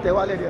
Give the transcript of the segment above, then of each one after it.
até olha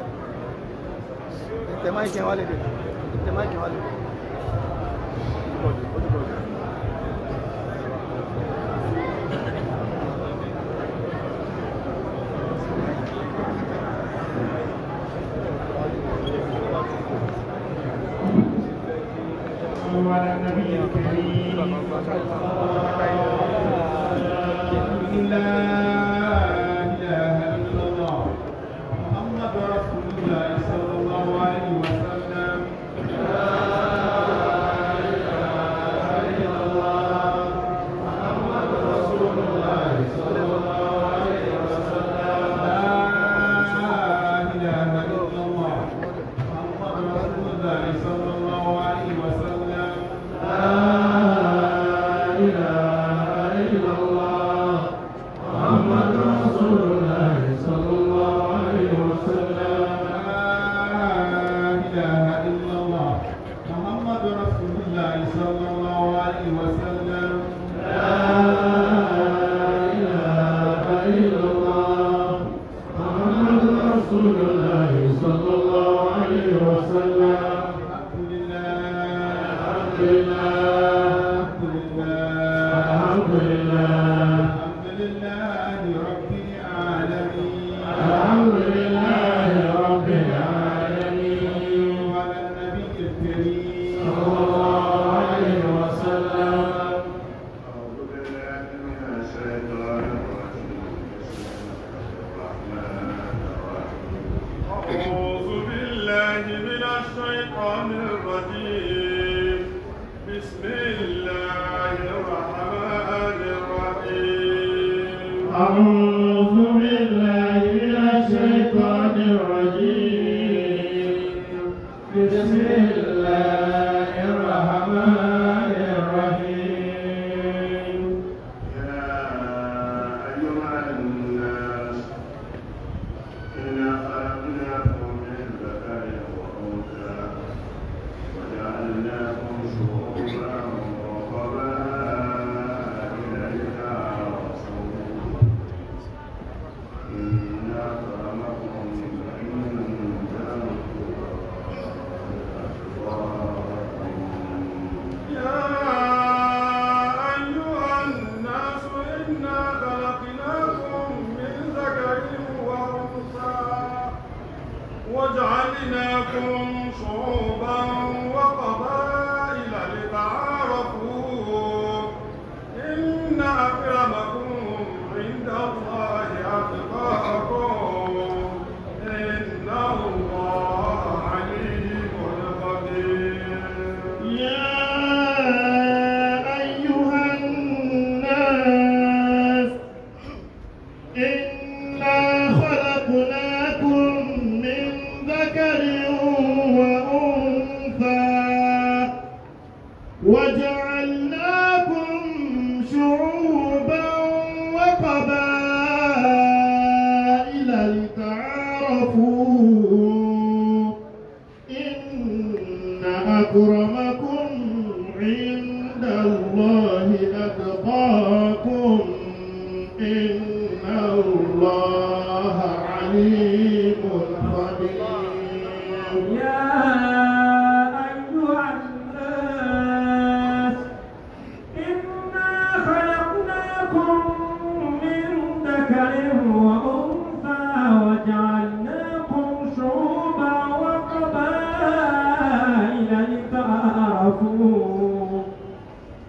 غفور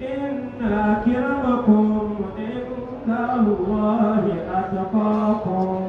إن أكرمكم عند الله أتقاكم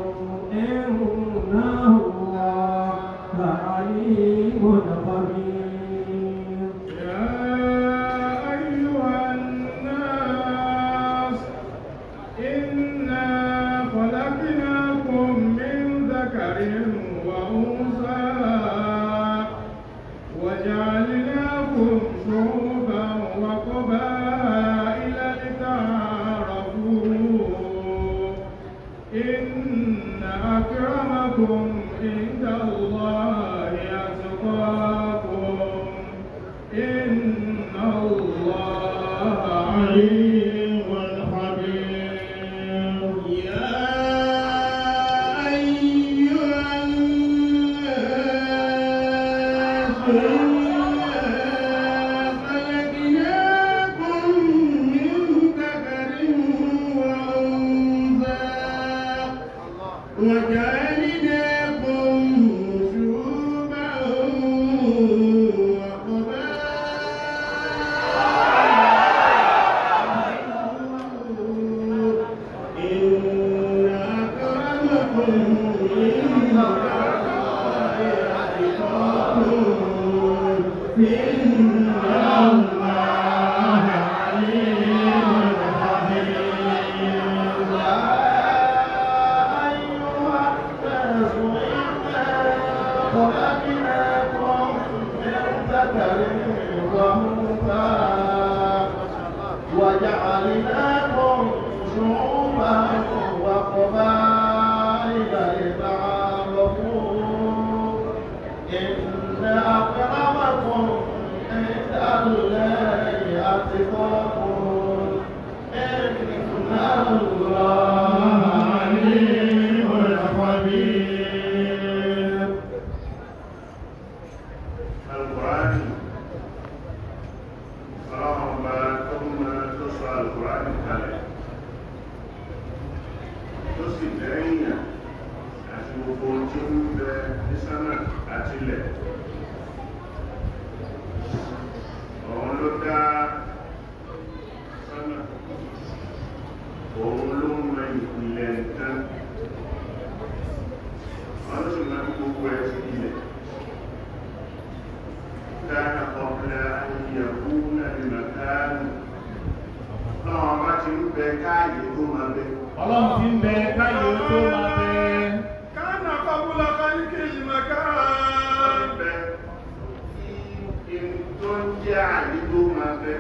tó ń jẹ́ àyè tó máa fẹ́.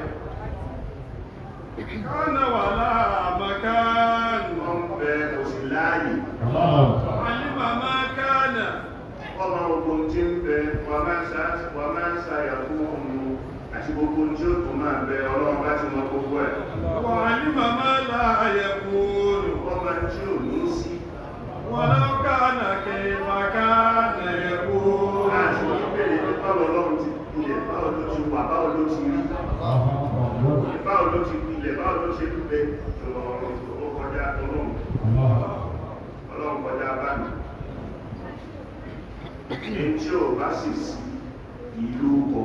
Kọ́nà wà láàmàká wọ́n fẹ́ òsì láàyè. Àlímà máa kánà. Ọmọ ogun tí ń bẹ wà máa ń sáyà fún òun àti gbogbo tí ó tún máa bẹ ọlọ́run bá ti mọ gbogbo ẹ̀. Wà àlímà máa láàyè kúrò. Ọmọ tí ò ní sí. Wọ́n lọ́kànà kí màkánà ẹ̀kú. Àti ìbéèrè tó tọ́lọ́ ti ilẹ̀ báwo ló ti wà báwo ló ti rí báwo ló ti ilẹ̀ báwo ló ṣe lúbẹ ọ̀rọ̀ kọjá ọlọ́run ọlọ́run kọjá báyìí èyí tí ò bá sì sí ìlú kọ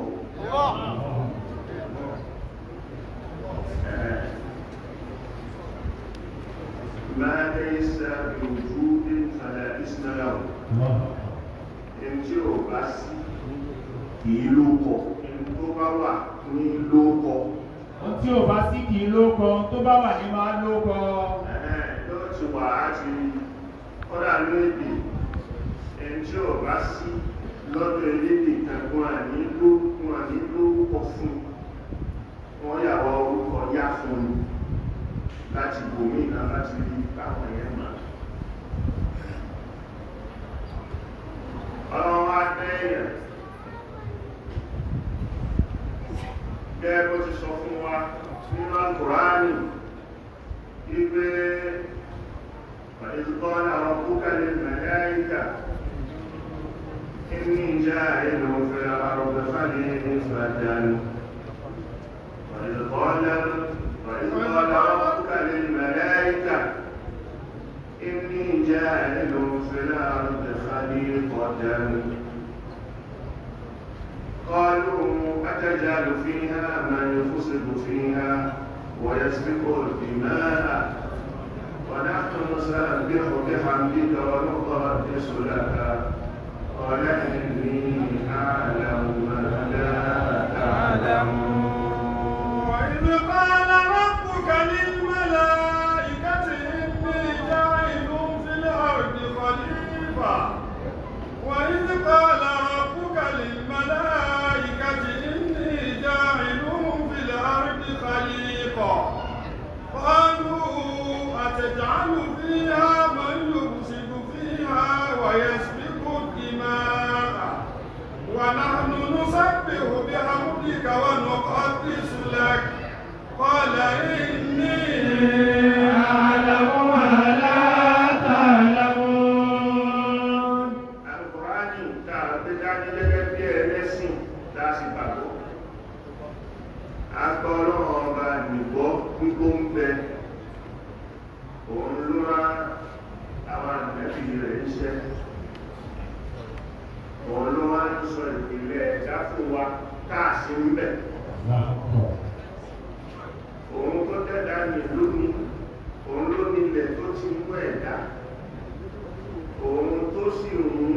ما ليس بوجود فلا اسم له. Ẹni tí ò bá kìí lóókọ ẹni tó bá wà ní lóókọ. ó tí ò bá sí kìí lóókọ tó bá wà ní máa lóókọ. yóò ti wà á ti kọ́dà lóde ẹni tí ò bá sí lọ́dọ̀ elédè kankan àní lókun àní lóókọ fún wọn yàwọ orúkọ yá fún mi láti gómìnà láti rí báwọn yẹn máa. ọlọ́run á bẹ́ẹ̀ yẹn. gẹ́gẹ́ bó ti sọ fún wa nínú alkùránì wípé ìtọ́ àwọn púpẹ̀lẹ̀ mẹ́láìkà inú ìjá ìlú fẹ́ àrọ̀gbẹ̀fà ní ìsìnàjá ni وإذ ربك للملائكة إني جاعل في الأرض خليقة قالوا أتجعل فيها من يفسد فيها ويسبق الدماء ونحن نسبح بحمدك ونقدس لك قال إني أعلم ما لا تعلم وإذ قال ربك للملائكة إني جاعل في الأرض خليفة وإذ قال ربك للملائكة إني جاعل في الأرض خليقا قالوا أتجعل فيها من يفسد فيها ويسبق الدماء ونحن نسبح بحمدك ونقدس لك قال إني أعلم sì gbàgbọ́ agbọ́ ọlọ́run ọba nìgbọ́ gbígbó ń bẹ òun ló rán àwọn àgbẹ̀bí rẹ̀ iṣẹ́ òun ló wá ń sọ ìpìlẹ̀ ẹ̀dá fún wa káàsì ń bẹ òun tó dẹ́dá ní lónìí òun ló nílẹ̀ tó ti ń ẹ̀dá òun tó sì rùn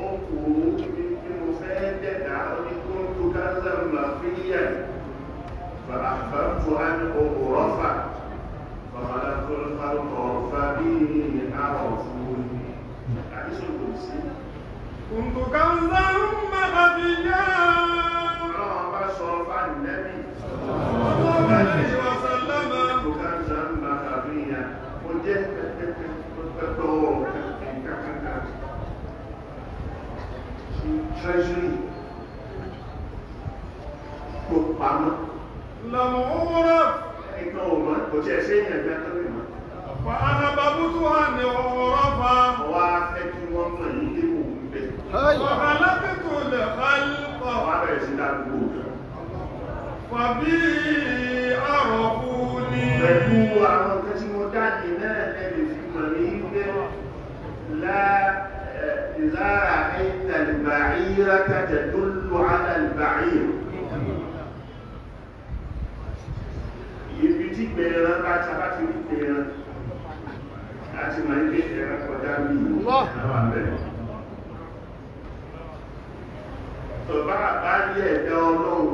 ó kù ó nínú مسدد عرضكم كنزا مخفيا فأحببت أن أعرف فخلقت الخلق فإني أعرفون حديث القدسي كنت كنزا مخفيا اللهم صل النبي صلى الله عليه وسلم كنت كنزا مخفيا وجهت treasury kò pamọ́. lọ́mọ owó rẹ̀. ìtàn ò mọ́ kò tiẹ̀ sí èèyàn bí atọ́lẹ̀ mọ́. àfa alábàbútú wà ní ọ̀rọ̀ fa. ọwọ́ afẹ́ kí mọ̀ ní ewu bẹ̀. ọ̀hà lápẹ́tò lè fa lùkọ̀. ọwọ́ abẹ́rẹ́ sí dá fàbí àrọ̀ kú ni. pẹ̀lú àwọn kan jáde náà ẹ lè fi mọ̀ ní ilé إذا رأيت البعيرة تدل على البعير ibi tí gbẹ̀rẹ̀ bá sábà ti rí gbẹ̀rẹ̀ láti máa ń gbé ẹ̀rọ kọjá bí i àwọn àbẹ̀rẹ̀ tó bá bá rí ẹ̀dá ọlọ́run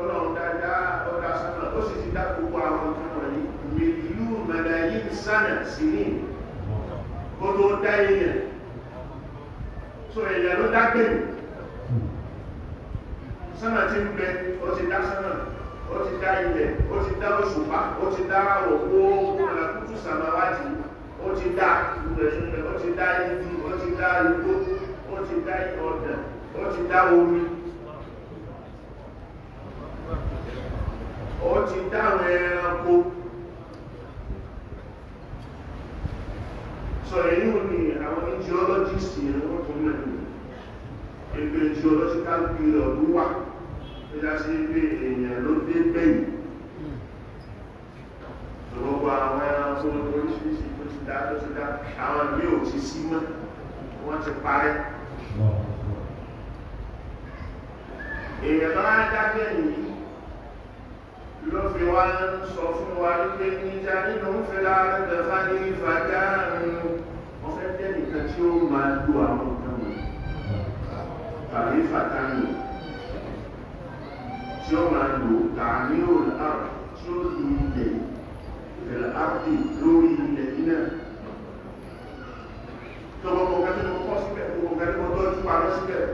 ọlọ́run dáadáa ọdá sọ́nà ó sì ti dá gbogbo àwọn tó wọ̀nyí mìlíù mẹ́lẹ̀ yìí sánà sí ní kó tó dá èèyàn so ẹ̀yà ló dágbèrè sánà tí ń bẹ ó ti dá sánà ó ti dá ilẹ̀ ó ti dá òṣùpá ó ti dá òkú ọ̀làkútù sàmáwájì ó ti dá ìrẹ̀sùnlẹ̀ ó ti dá ibi ó ti dá igbó ó ti dá ọ̀dà ó ti dá omi ó ti dá àwọn ẹranko sọ èyí wò ní àwọn geologist yẹn wọ́n tún mẹ́ ní ẹgbẹ́ geological period wà tó já sí pé èèyàn ló dé bẹ́yìn gbogbo àwọn ẹran tó lọ oríṣiríṣi tó ti dá tó ti dá àwọn ìwé ò ti sí mọ́ wọ́n ti parẹ́ èèyàn bá dákẹ́ yìí ló fi wá sọ fún wa wípé níjà nínú ń fi dẹ̀fà ní ìfàjá àrùn wọ́n fẹ́ jẹ́ nìkan tí ó máa lo àwọn nǹkan wọn tàbí ìfàjá nù tí ó máa lò tàbí òun àrùn tí ó lu ilẹ̀ ìfẹ̀lẹ̀ ápì lórí ilẹ̀ iná tọ́gbọ́n kọ̀ọ̀kan tí mo kọ́ síbẹ̀ kọ̀ọ̀kan tí mo tọ́jú parọ́ síbẹ̀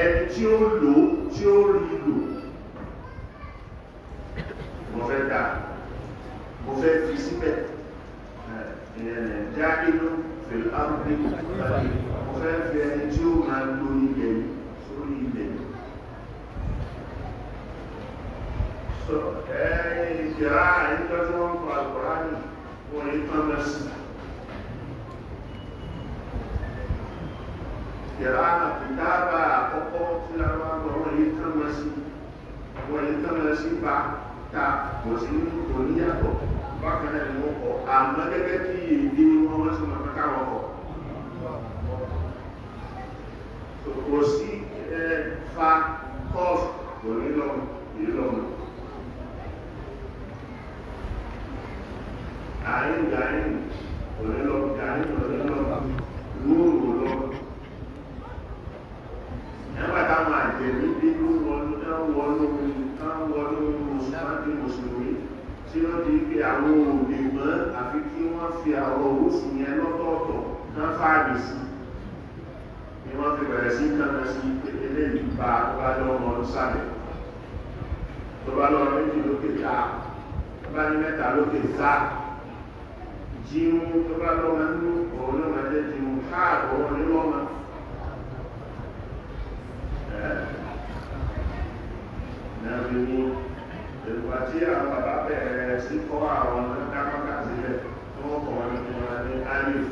ẹni tí ó lò tí ó rí lò mẹ́ta mo fẹ́ fi síbẹ̀ ìrẹ̀lẹ̀ dáadínú pẹ̀lú áwùdí mo fẹ́ fi ẹni tí ó máa lo ilẹ̀ sórí ilẹ̀ sọ ẹ̀yìn ìjìrá àyíkọ́ tí wọ́n kọ àgbọ̀rání wọ́n ní tọ́mẹ́sì ìjìrá àpìtábà àkọ́kọ́ tí a wá gbọ́ wọ́n ní tọ́mẹ́sì wọ́n ní tọ́mẹ́sì bá ta kò sí kò níyàtọ̀ bákan náà ni wọ́n kọ́ àmọ́ gẹ́gẹ́ bí èdè wọn wọ́n sọ máa káwọn kọ́ kò sí fa kọ́ọ̀fù kò ní lọ́mù ìlọ́mù àárín gàárín kò ní lọ́mù gàárín kò ní lọ́mù lóòrò lọ́mù nígbà táwọn àjẹ̀mí bí wọ́n wọnú tán wọnú sáàdì mùsùlùmí tí wọ́n di pé àwọn òbí mọ́ àfi kí wọ́n fi àwọn òwúsì yẹn lọ́tọ̀ọ̀tọ̀ kán fáàdì sí ni wọ́n fi bẹ̀rẹ̀ sí kankan sí eléyìí bá bá lọ́mọ sálẹ̀ tó bá lọ́mọ méjì lókè ta tó bá ní mẹ́ta lókè ta jíun tó bá lọ́mọ nínú náà fi mú ìgbà tí àwọn bàbá bẹ̀rẹ̀ sí kọ́ àwọn dámọ́kà sílẹ̀ tó wọ́n kọ̀ wọn fún wọn ní alif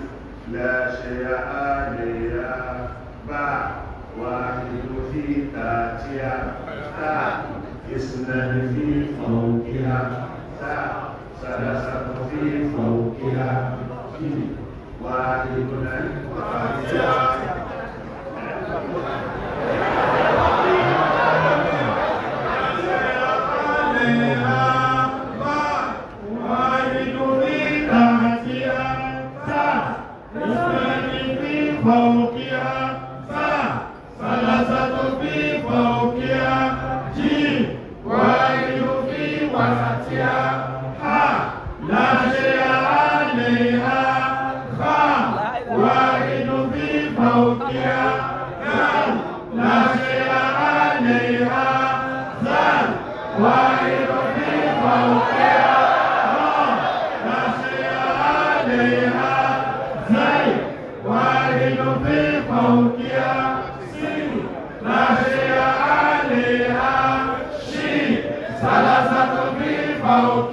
lẹ́ṣẹ̀ àlèyà bá wà nínú fi tààtíà tá ìsìnàní fi fọ̀ọ́kíà tá sàdásàkọ̀ fi fọ̀ọ́kíà wà nínú fi tààtíà. Thank you. mal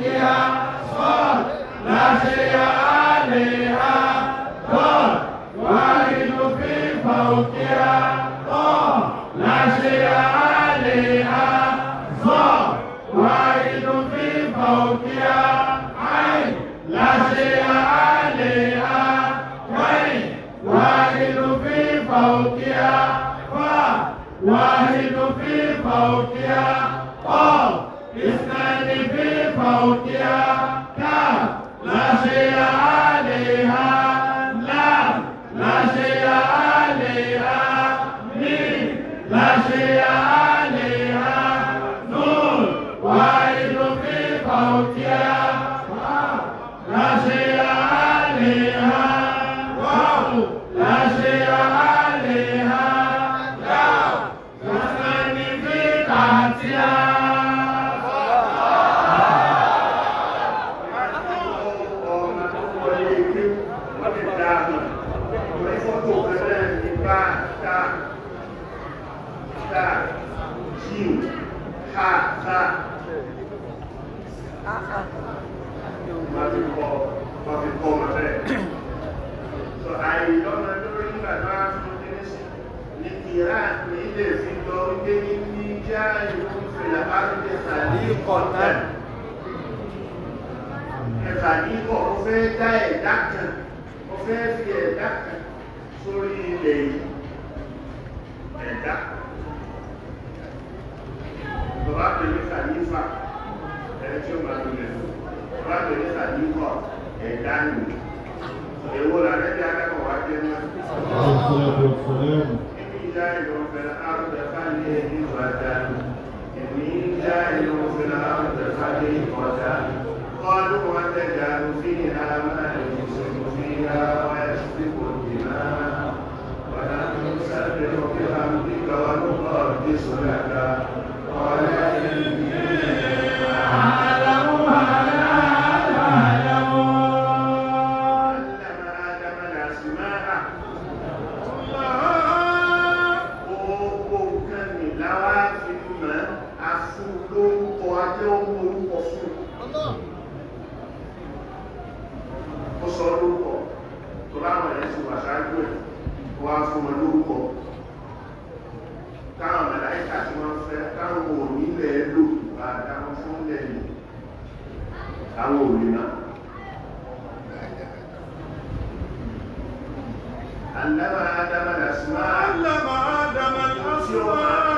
Senhor.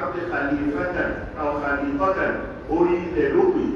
àkọ́kẹ́ kàlífẹ́tẹ̀ àwọn kàlífọ́tẹ̀ orí ilẹ̀ lópin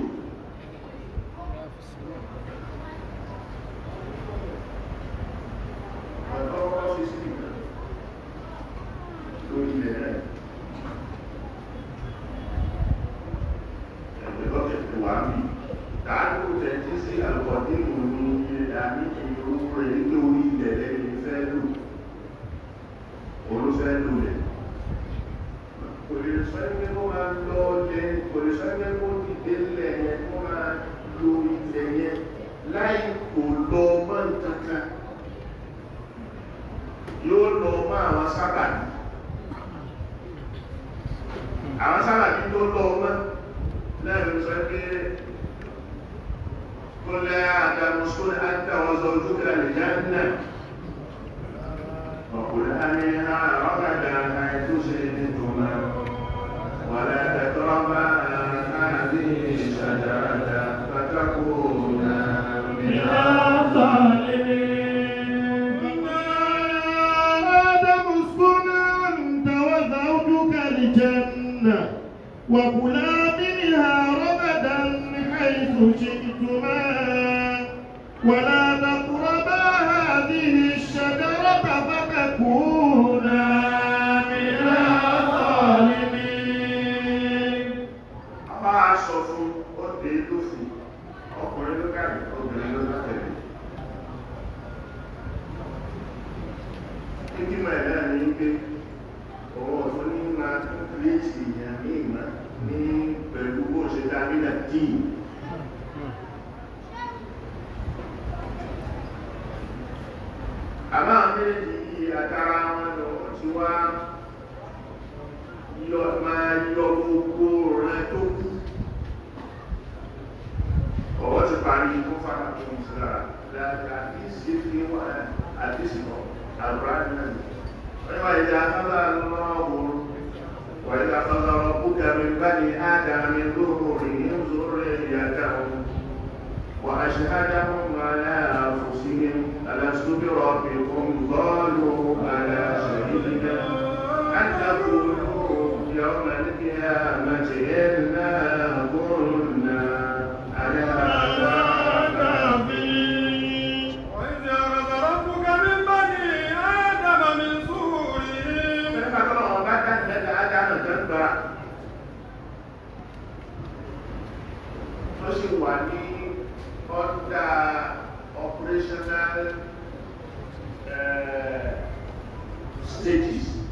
cities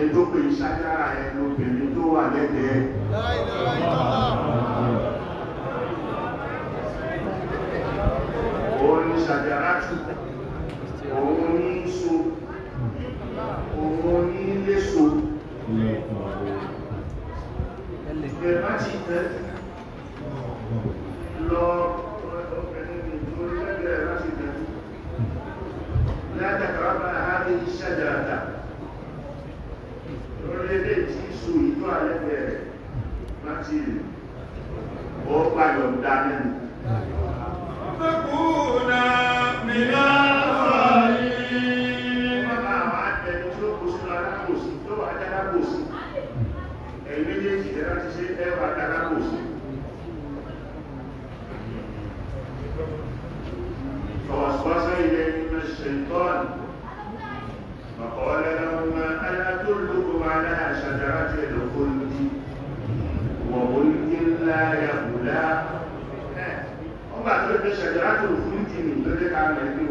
ètò pé ìṣàjára ẹ̀ lóbìnrin tó wà lẹ́gbẹ̀ẹ́ òun ni ṣàjára tù òun ní so òun ní léso ẹ̀lẹ́gbẹ̀ẹ́ bá ti tẹ́ lọ لا تقربا هذه الشجرة orílẹ̀ tí so ìjọ àlẹ́fẹ́ rẹ̀ láti rẹ̀ ó pàyọ̀ dání nù. Fẹ́kùnà mìíràn wáyé. Bàbá àwọn àtẹnu tó kó sínú alákòóso tó wà dárákòóso. Ẹ̀yìn méjèèjì ẹ̀rá ti ṣe ẹwà dárákòóso. Fọwọ́sowọ́sọ́ ilẹ̀ ìmọ̀ ṣèǹtọ́ọ̀nù. فقال لهما ألا أدلكم على شجرة الخلد وملك لا يبلى ọgbà tó lè ṣẹ̀dẹ̀rá tó lè fún ìtìlì tó lè ká mẹ́ ní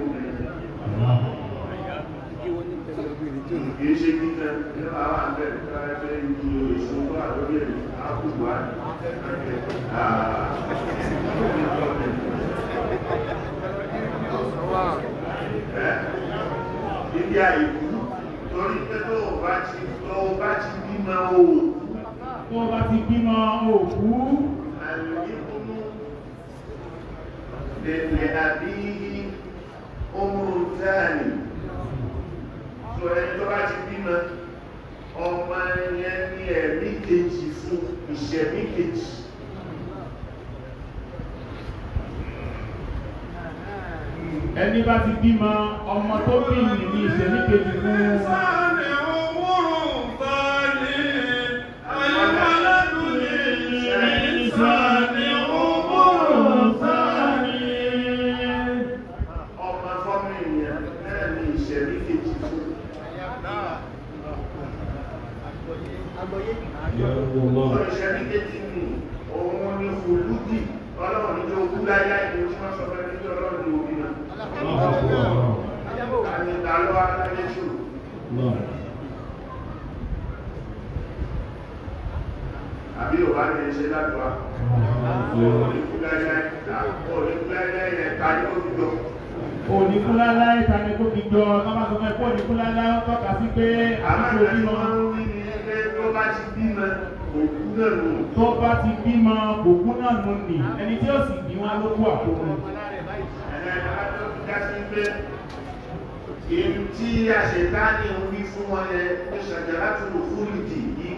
obìnrin kìí ṣe títẹ́ nípa wà ń bẹ̀rẹ̀ tó rẹ̀ fẹ́ ìlú èso tó àdórí ẹ̀rù àkùgbà ààrẹ̀ ìdí àìkú torí pé tó o bá ti tó o bá ti bímọ o. tó o bá ti bímọ òkú. àlùyíkúnú lèlè àbí ọmọrò táàlì tó ẹni tó bá ti bímọ ọmọ yẹn ní ẹ̀mí fún ìṣẹ̀mí ẹni bá ti bímọ ọmọ tó bí nìyí ìṣẹ́ níkejì fún un. bá ní ṣe ládùá oníkúlálá ìta ni tó fi jọ ọmọ tó fẹ́ kó oníkúlálá ó tọ́ka sí pé àmọ́ ìlú wọn ń rí ni pé tó bá ti bímọ òkú náà nù. tó bá ti bímọ òkú náà nù nì ẹni tí ó sì bí wọn ló kú àkókò. èyí tí àṣetá ni òun bí fún wọn yẹ ó ṣàjà láti lò fún ìdí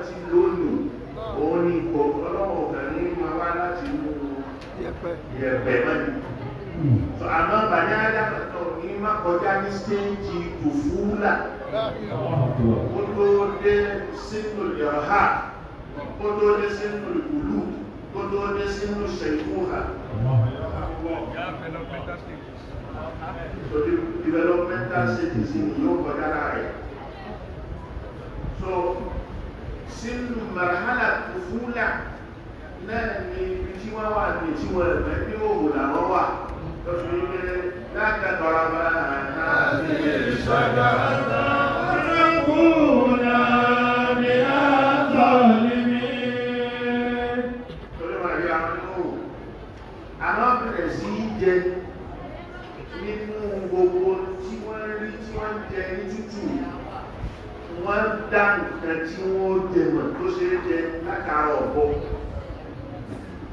rántí lónìí òun ni ipò ọlọ́wọ́ kan ní máa wá láti inú yẹ̀pẹ̀ mọ́ni. àmọ́ bàní adámọ̀tọ̀ ní má kọjá ní stéèjì kùfúlà ó tó dé sínú yọ̀há ó tó dé sínú ìlú ó tó dé sínú ṣẹ̀kúhà. So the developmental cities in Yorùbá dára rẹ̀. So sínú màrhálà kùfúlà náà ni ibi tí wọ́n wà ní tí wọ́n ẹ̀mẹ́ ní òwò làwọn wà lọ́sùn yìí pé látàgbàrà bá àti ìṣàgbà ọ̀rẹ́kùnà ní àtọ̀lẹ́ mi. torí wọn rí àwọn ìlú àwọn bẹ̀rẹ̀ sí í jẹ nínú gbogbo tí wọ́n rí tí wọ́n jẹ ní tútù wọ́n dá nǹkan tí wọ́n dẹ̀mọ̀ tó ṣe é jẹ látara ọ̀bọ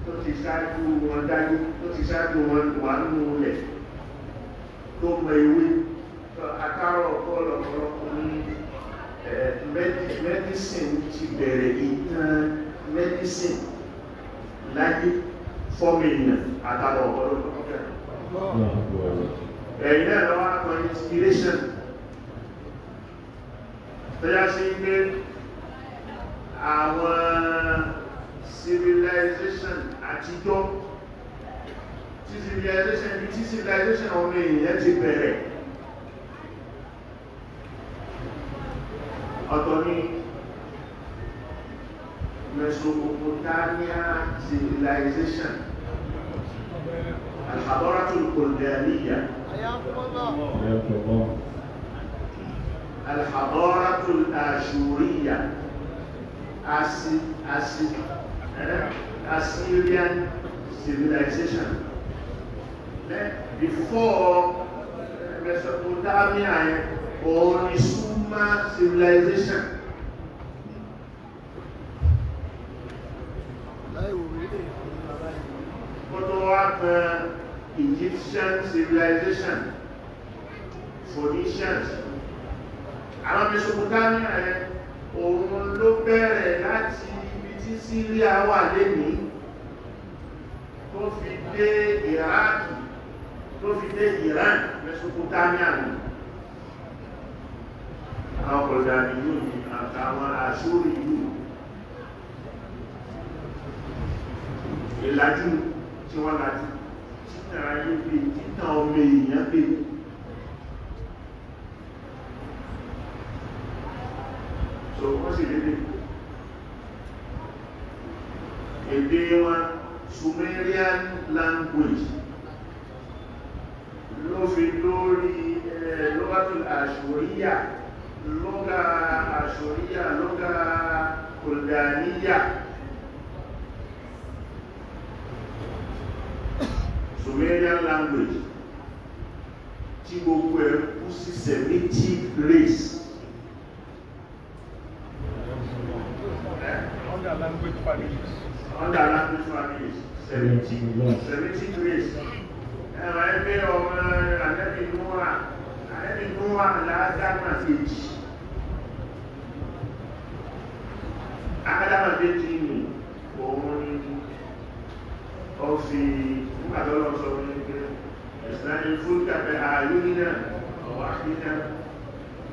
tó ti ṣáájú wọn dáyé tó ti ṣáájú wọn wà nínú rẹ̀ tó mọ ewé àtàrà ọ̀pọ̀ ọ̀pọ̀lọpọ̀ ní mẹ́dísìn ti bẹ̀rẹ̀ ìtàn mẹ́dísìn láyé fọ́mìnà àtàrà ọ̀pọ̀lọpọ̀ ẹ̀yìn náà lọ́wọ́ àpọ̀ inspiration tó yá sí pé àwọn civilization àtijọ́ tí civilization bí tí civilization ọmọ èèyàn ti bẹ̀rẹ̀ ọ̀tọ̀ ní Mesopotamia civilization al-hadaratul kuldaniya ayakumullah alhadaratul ashuriya asi asi eh? Assyrian civilization before eh, Mesopotamia eh, or the civilization. Follow-up Egyptian civilization, Phoenicians, àwọn Mesopotamia rẹ̀ eh, òun ló bẹ̀rẹ̀ láti ibi tí Syria wà lénìí tó fi dé Iraq tó fi dé Iran Mesopotamia ni àwọn kọ̀dàrí yóò ní àtàwọn àṣórí yóò ìlàjú tí wọ́n lájú títà ayé bí títà ọmọ èèyàn bèèrè so wọ́n sì lédè èdè wọn Sumerian language ló fi lórí eh, lọ́gbàtún àṣòríyà lọ́gà àṣòríyà lọ́gà kòlìdàníyà Sumerian language tí gbogbo ẹ̀ sí Semitic race Under language families. Under language families. Seventy grace. Seventy grace. Ẹ̀rọ ẹgbẹ́ ọmọ Ànẹ́bí Núwà Ànẹ́bí Núwà làádámà kejì. Àádámà kejì ni òun ni ó fi nígbàdọ́lọ́ sọ wọ́n ní pé ẹ̀sìn láyé fún kàfẹ́ ààyè nínà ọ̀wá nínà.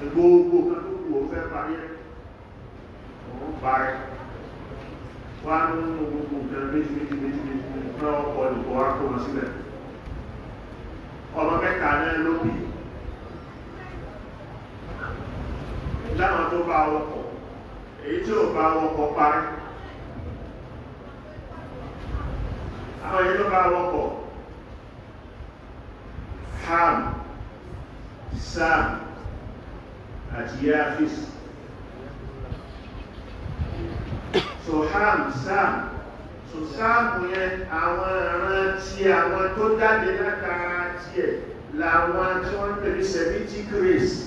gbogbo kan tó kù ó fẹ́ báyẹ̀ òun parẹ́ wá nínú gbogbo nǹkan méjì méjì méjì méjì náà ọkọ̀ olùkọ́ wá kó wọn sílẹ̀ ọmọ mẹ́ta náà ló bí láwọn tó bá ọkọ̀ èyí tí ò bá ọkọ̀ parẹ́ àwọn èyí tó bá ọkọ̀ ham sam àti yafis so sam so sam yẹn àwọn ìran tí àwọn tó jáde látara tí ẹ̀ làwọn tí wọ́n pè ní semitic race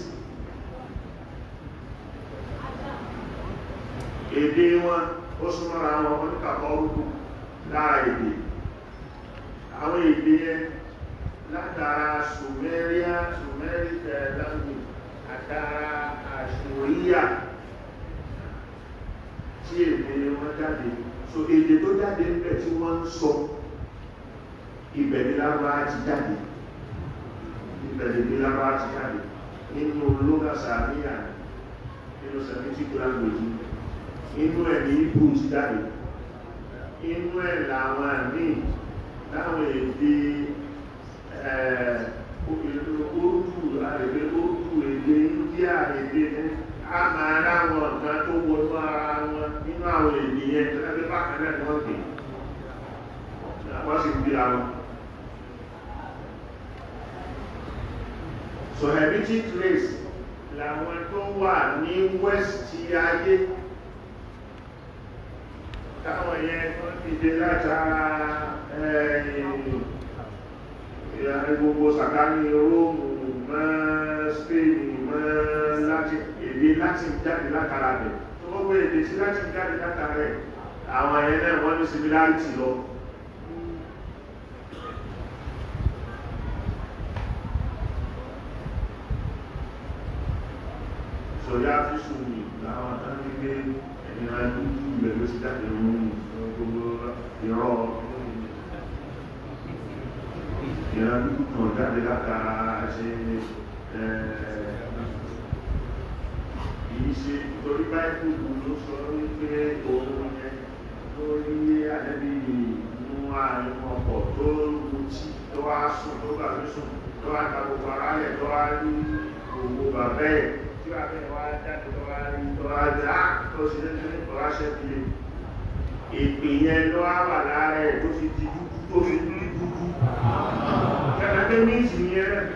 èdè wọn ó súnmọ́ra wọn oníkàkọ́ orúkú lára èdè àwọn èdè yẹn látara sumerian sumeric eh, language àdá àṣòríyà tí èdè wọn jáde so èdè tó jáde ń bẹ̀ tí wọ́n ń sọ ibẹ̀ ní lára ti jáde ibẹ̀ ní lára ti jáde nínú lóga sàmíyà nínú semitic language inú ẹ̀ ní ibù ti jáde inú ẹ̀ làwọn àmì láwọn èdè ẹ̀ẹ́ òkèlú orúkú àrẹ̀lẹ́ orúkú lu èdè india èdè a máa rá wọn nǹkan tó wọnú ara wọn nínú àwọn ènìyàn tó lẹ́gbẹ́ bákan náà ni wọ́n gbé wọ́n sì ń bí ara wọn. so hermetic race làwọn tó wà ní west ayé táwọn yẹn tó ti dé látara eh, eh, eh, gbogbo sàkáni róòmù mọ́ Spain mọ́ Latin èdè Latin jáde látara rẹ̀ tó gbé èdè sí Latin jáde látara rẹ̀ àwọn ẹ̀yẹ náà wọ́n ní similarity lọ. sọ̀yà fi sùnmù làwọn tán ní pé ẹ̀yìn adúlù rẹ̀ ló ti jáde lóhùn gbogbo ìrọ̀ ìran dúdú kan jáde látara ṣe kìí ṣe torí báyìí ló sọ wípé òun yẹn tó rí àdẹ́bí mú àrùn ọkọ̀ tó mutí tó wá sùn tó gbà ló sùn tó wá gba gbogbo ara lẹ̀ tó wá rí gbogbo bàbá ẹ̀ tí bàbá ẹ̀ wá jáde tó wá rí tó wá dá ah! tó ṣe lẹ́sẹ̀ nípa wá ló wà lára ẹ̀ tó fi di dúdú tó fi dúdú Ẹ̀rẹ́dẹ́ ní ìsìn yẹn rẹ̀.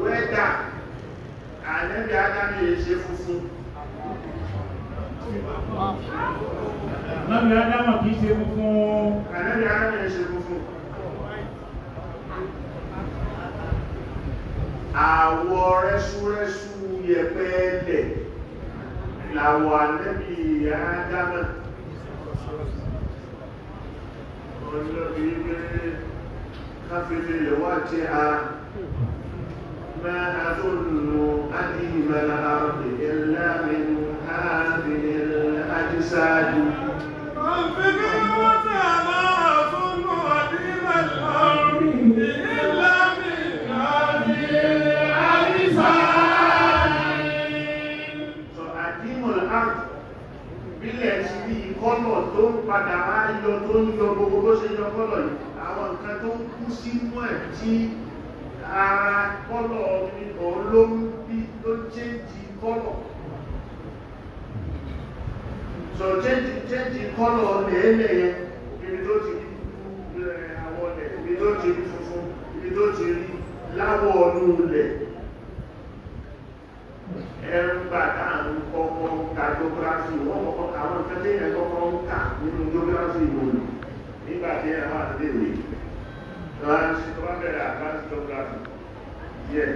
Wẹ́dà àlẹ́bí Ádámì kìí ṣe funfun. Àlẹ́bí àwọ̀ rẹ́súrẹ́sú yẹpẹ́ẹ́lẹ̀ làwọ̀ ànẹ́bì àádámà ọlọ́bí pé káfílẹ̀ lẹ́wà tí a máa àtúnlò ádìmọ̀ àrùn ẹ̀lá nínú ààbìnrin àjísáàdì ọ̀fẹ́gbẹ́ wọ́n tàbá fún padà wá yọ tó ń yọ gbogbo bó ṣe yọ kọ́lọ̀ yìí àwọn nǹkan tó ń kú sínú ẹ̀ tí ara kọ́lọ̀ ọ̀hún ló ń bí ló chéjì kọ́lọ̀ sọ chéjì chéjì kọ́lọ̀ lẹ́ẹ̀lẹ̀ yẹn ibi tó ti rí àwọn ọ̀lẹ̀ ibi tó ti rí funfun ibi tó ti rí láwọ̀ ọdún lẹ̀ ẹrùgbà táwọn kọ́kọ́ ń ka jógírásì wọ́n kọ́kọ́ àwọn nǹkan tí yẹn kọ́kọ́ ń kà nínú jógírásì ìwòlù nígbà tí yẹn wà nílé ìwé ìrànṣẹ́ tó bá bẹ̀rẹ̀ advanced jógírásì díẹ̀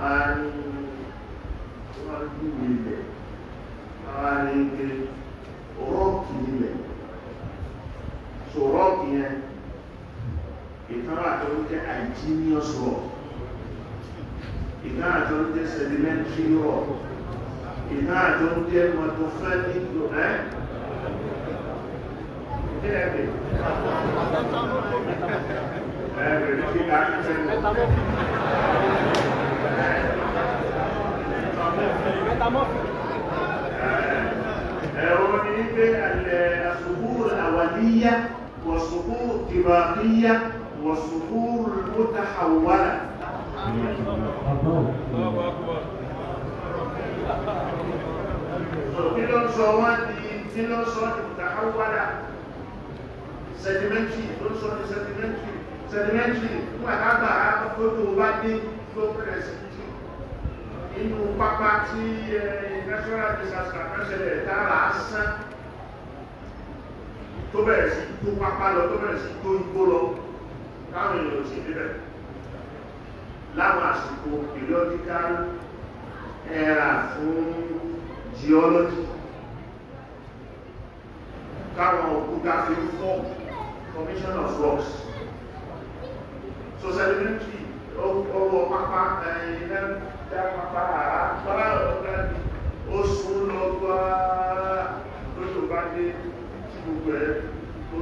àárín tó máa ń dùn ilẹ̀ àárín pé rọ́ọ̀kì ilẹ̀ so rọ́ọ̀kì yẹn ìtàn àtọ́jú jẹ́ àìjíníọ̀sì rọ́ọ̀kì ìdáàjọ́ jẹ́ sedimentary rock ìdáàjọ́ jẹ́ mọ̀tòfẹ́lì ẹ́ ẹ̀rẹ̀ ẹ̀rẹ̀ kí á ẹ̀rọ ni wípé àṣùgbúrù àwàlíyá wọ̀ṣùgbúrù tìbàkíyá wọ̀ṣùgbúrù mọ́tàhàwárà kí ló sọ wọ́n di kí ló sọ ìtàkàwádà sedimentary ló sọ di sedimentary sedimentary fún àdágbà fótó bá dé tó bẹ̀rẹ̀ sí inú pápá tí national disaster kẹsẹ̀lẹ̀ tára asán tó bẹ̀rẹ̀ sí tó pápá lọ tó bẹ̀rẹ̀ sí tó igbó lọ táwọn èèyàn ò sì débẹ̀ láwọn àsìkò periodical era fún geology káwọn òkúta fi ń fọ́ formation of rocks so celebrity owó pápá ẹ̀yìnlẹ́ dá pápá àpárá ọ̀gá ó sún lọ bá lóṣù bá dé tí gbogbo ẹ̀ tó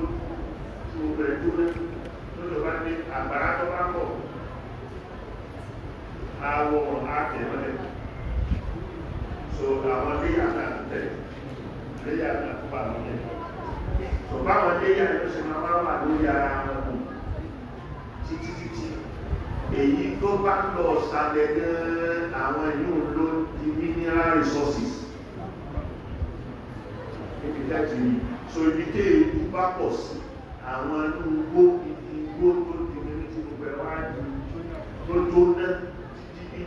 tí gbogbo ẹ̀ dúró lóṣù bá dé àgbàrá tó bá pọ̀ awọ akẹwọlẹ so àwọn léyà náà tẹ léyà náà kó bá yẹ so báwọn léyà yóò ṣe máa wá wà lórí ara wọn kù títí títí èyí tó bá lọ sálẹ̀ gan àwọn yóò ló di mineral resources níbi láti rí so ibi tí èyí bá pọ̀ sí àwọn inú igbó igbó tó di nínú tí gbogbo ẹ̀ wá di tó tó náà.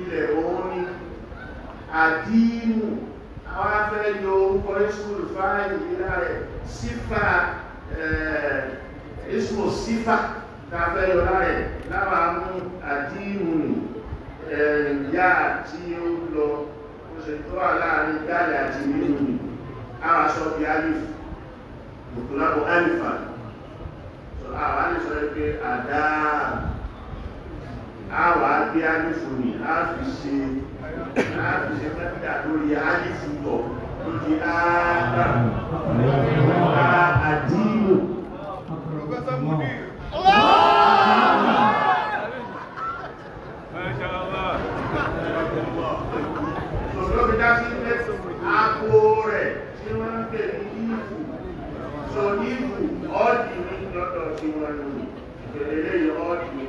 ilẹ̀ òun ni àwọn afẹ́ yọ orúkọ ìṣúlù fáàyè ìlà rẹ̀ sífà ìṣúlù eh, sífà tàbẹ́ yọ láàrẹ̀ láwà mú àdínù eh, ìyá tí ó lọ wà láàrin dáàlẹ̀ àti nínú àwọn aṣọ bí alif mùtùlábọ̀ alifa àwọn alif sọ pé àdáà a wà á gbé alifu ni a fi ṣe a fi ṣe mẹ́ta lórí alifu lọ níbi ààbà àdínú. Professor Mudir. Àpò rẹ̀ tí wọ́n ń pè ní ìfù, so ìfù ọ́dì ní lọ́dọ̀ tí wọ́n lò, ìpèlè lẹ́yìn ọ́dì ní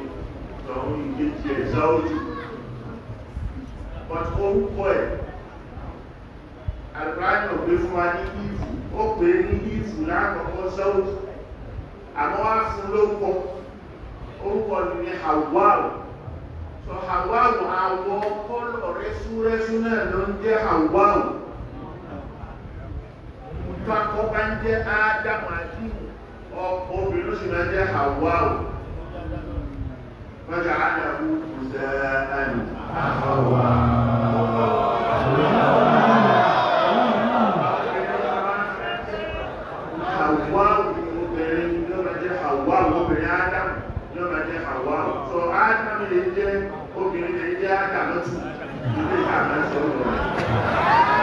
lòun ìgbéjì ẹ̀ záwójú but orúkọ ẹ̀ alùpàáyàn ògbé fún wa ní ìfù o pè é ní ìfù láàkọ́kọ́ záwójú àmọ́ wá fún é orúkọ só hawaii so hawaii àwọ̀ kọ́lọ̀ rẹ́súrẹ́sú náà ló ń jẹ́ hawaii tó akọ́ bá ń jẹ́ ádámù àti ọkọ̀ obìnrin ló sì máa jẹ́ hawaii فجعله جزاء حواء obìnrin ló máa jẹ hawa obìnrin adam ló máa jẹ hawa sọ adam lè jẹ obìnrin lè jẹ adam lọtù ilé àgbà sọ̀rọ̀ rẹ.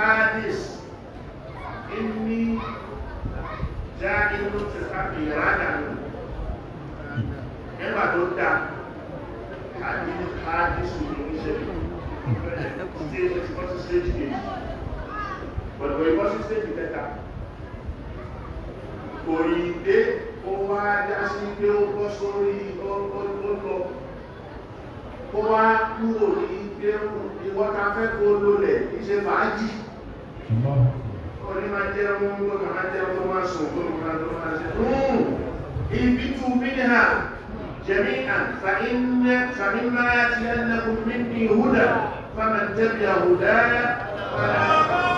Hadis ini جاعل في الأرض إرادة nígbà tó dá àti ní káàdìsì oníṣẹ́lẹ̀ stage ìfọ́sí stage gate pẹ̀lú ìfọ́sí stage kẹta òyìnbé ó wá dá sí pé ó bọ́ sórí ọlọ́ ó wá kúrò ní pé wọ́n ta ó ní máa jẹ́ ọmọ ọmọ ọmọ máa jẹ́ ọmọ máa sùn tó máa tó máa ṣe rúùn ibi tù minha jami'an fàmímá ti lẹ́nàkùn mí ní húdà fàmà tẹ́bíà húdà fàmà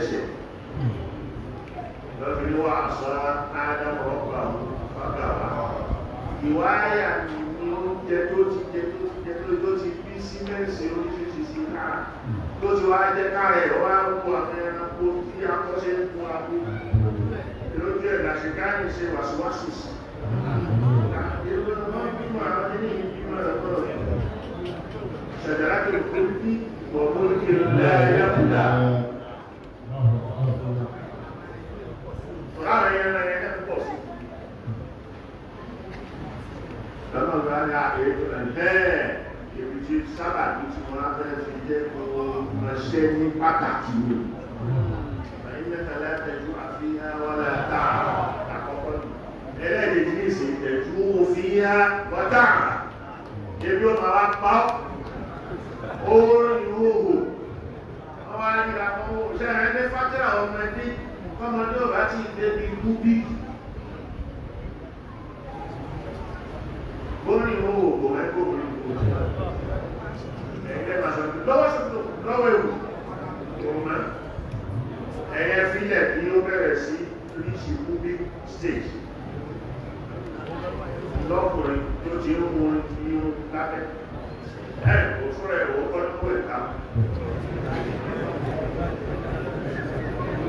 Thank you lọ́bí wà sọ ádámù ọkọ̀ àwọn ọkọ̀ àwọn ìwà àyà ni oúnjẹ tó ti jẹ tó ti jẹ tó ti bí símẹ́ǹsì oríṣiríṣi sí káà tó ti wá jẹ́ káà ẹ̀ wá ń mú àwọn ẹranko tí a kọ́ ṣe ń mú àwọn lójú ẹ̀ làṣekáàmì ṣe wàṣíwáṣì sí شجرة الخلد وملك لا يبلى káwọn yẹn náà yẹn náà pọ̀ sí lọ́nà ló wá ní àgbẹ̀ tó náà bẹ́ẹ̀ èmi ti sábà ní tí wọ́n á fẹ́ fi jẹ́ gbogbo ránṣẹ́ ní pàtàkì mi ẹ̀yìn mẹ́ta látẹ̀jú kọ́mọdé ò bá ti débi gúbí orin owó ògbò ẹgbẹ́ orin ògbò ẹgbẹ́ màsà lọ́wọ́ lọ́wọ́ ewu òmà ẹ̀yẹ fílẹ̀ ní ó bẹ̀rẹ̀ sí ríṣì gúbí stage lọ́kùnrin tó ti ń mú orin tí ó lábẹ́ ẹ̀ kò fúnra ẹ̀wọ̀ kọ́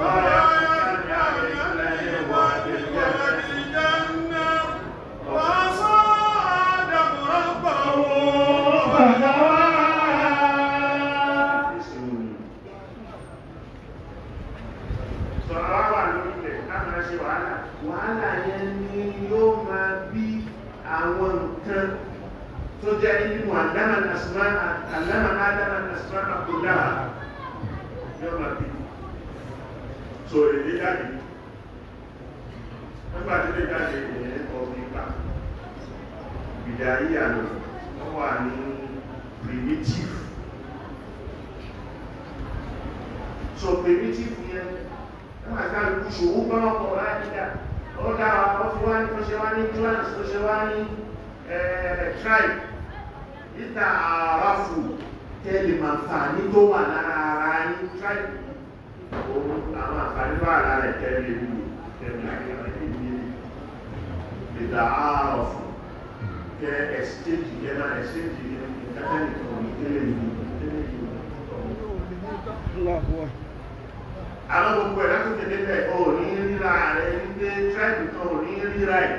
Perdone, tó ní ríra ẹ̀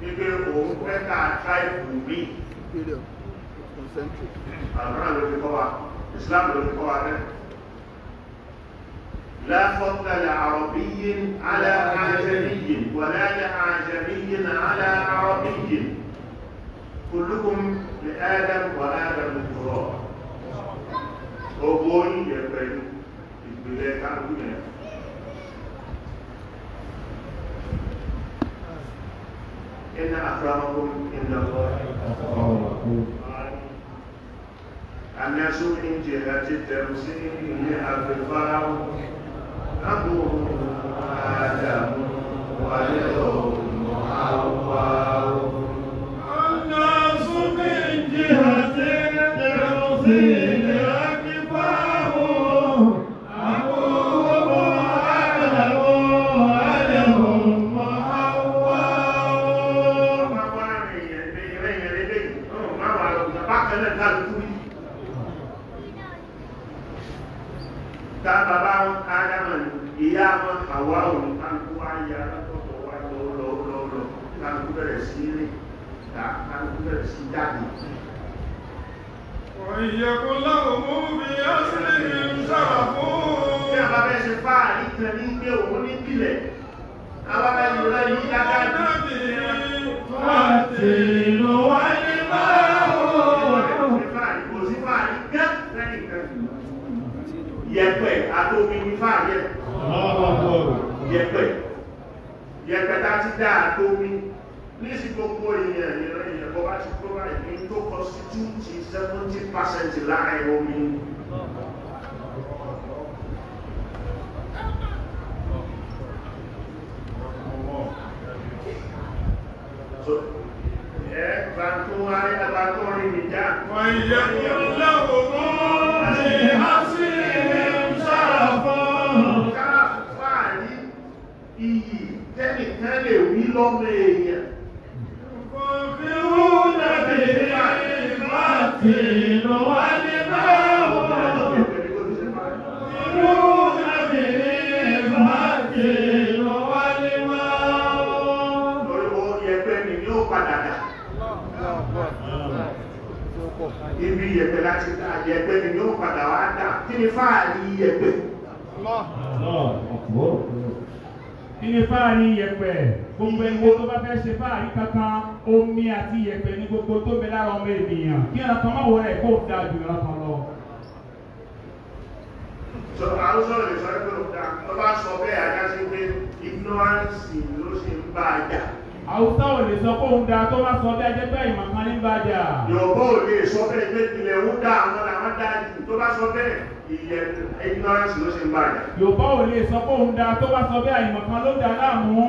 wípé òun fẹ́ ká tráì fún mi. àlùfáà ló fi kọ́ wa islam ló fi kọ́ wa rẹ̀. لا فضل لعربي على أعجمي ولا لأعجمي على عربي كلكم لآدم وآدم التراب. Ogun yẹ̀pẹ̀ ìpìlẹ̀ kárùn-ún yẹn. إن أكرمكم عند الله أتقاكم الناس من جهة التمثيل الفرعون أبوهم آدم ولدهم حواء ìyá wọn àwa òun kálukú wá ya lọ́tọ̀ọ̀tọ̀ wá lọ lọ lọ lọ kálukú bẹ̀rẹ̀ sí rìn ká kálukú bẹ̀rẹ̀ sí jáde. ọ̀yẹ̀kùn láwọn mú mi á sí ní sára fún. bí a bá fẹ́ ṣe fáàrí kan ní pé òun ní bílẹ̀ àwa bá yọ lẹ́yìn dáadáa. ọ̀dọ́bì wọ́n ti lọ wáyé máa wò. kò sí àtòmí ní fáàrí ẹ̀ yẹpẹ yẹpẹ tá ti dáa tó mi níṣì gbogbo èèyàn ìran èèyàn bọ́ bá ti kó báyìí ní tó constitute seventy percent láàrin omi so ẹ bàtún ayé bàtún rìn nìjà. wọ́n yẹ kí ọlọ́wọ́ mọ́. lọ́mọ èèyàn. Kò fi wú dàbí àyíká tí ló wá ní báwo. Irú dàbí ìfà tí ló wá ní báwo. Lórí owó yẹpẹ ni yóò padà dà. Ibi yẹpẹ láti dá yẹpẹ ni yóò padà wá dà. Kí ni fáàlì yẹpẹ? Kí ni fáàlì yẹpẹ? gbogbo ẹgbẹ́ tó bá fẹ́ ṣe fáàrí kankan omi àti iyẹ̀pẹ̀ ní gbogbo tó bẹ lára ọmọ ènìyàn kí ẹran kan máa wọ rẹ̀ kó da jù ẹran kan lọ. sọ àwọn sọ̀rọ̀ lè sọ pé òkúta tó bá sọ bẹ́ẹ̀ ajá sí pé ignorance ló ṣe ń bá a jà. Àwùsá ò lè sọ pé òun da tó bá sọ bí ajẹ́ pé ìmọ̀ kan ní bá jà. Yorùbá ò lè sọ bẹ́ẹ̀ pé ilẹ̀ ń dá àwọn làwọn dá jù tó bá sọ bẹ́ẹ̀ ìyẹn ignorance ló ṣe ń bá a jà. Yorùbá ò lè sọ pé òun da tó bá sọ bí àìmọ̀ kan ló dá láàmú.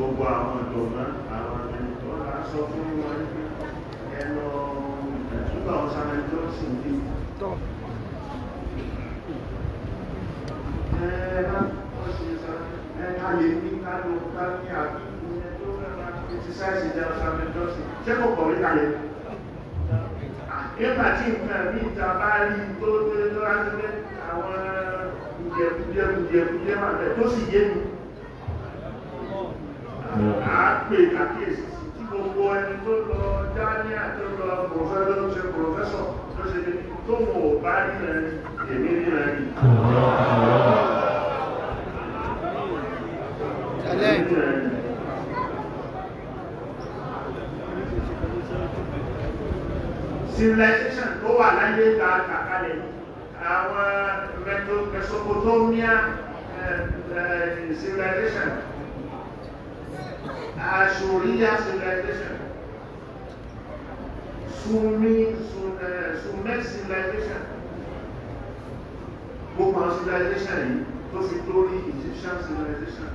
gbogbo àwọn ìdọ̀gbọ́n àwọn ẹni tó rà sọ fún wọn ẹnu ìtẹ̀sùgbà wọn sáré tó sì ń bí. ẹ̀ka lè ní kálù ká ní àbíkú ẹ̀ tó rẹ̀ máa kìtìsáìsì jẹ́ sáré tó sì ṣé kò kọ̀ rí kálẹ̀ nígbà tí nǹkan bí ìta bá rí tó tó tó rájú pé àwọn ìjẹ̀kújẹ̀kújẹ̀kújẹ̀ máa bẹ̀ tó sì yé mi àápè àkíyèsí tí gbogbo ẹni tó lọ dáníà tó lọ pòfẹ́ ló ṣe pòfẹ́sọ̀ tó ṣe ní tó wò bá rí ẹni èmi rí ẹni. civilization tó wà láyé ta kàkálẹ̀ àwọn metropotamia eh, eh, civilization Ashuriya civilization, Sumi, Sumer civilization, gbogbo civilization yìí tó fi dórí Egyptian civilization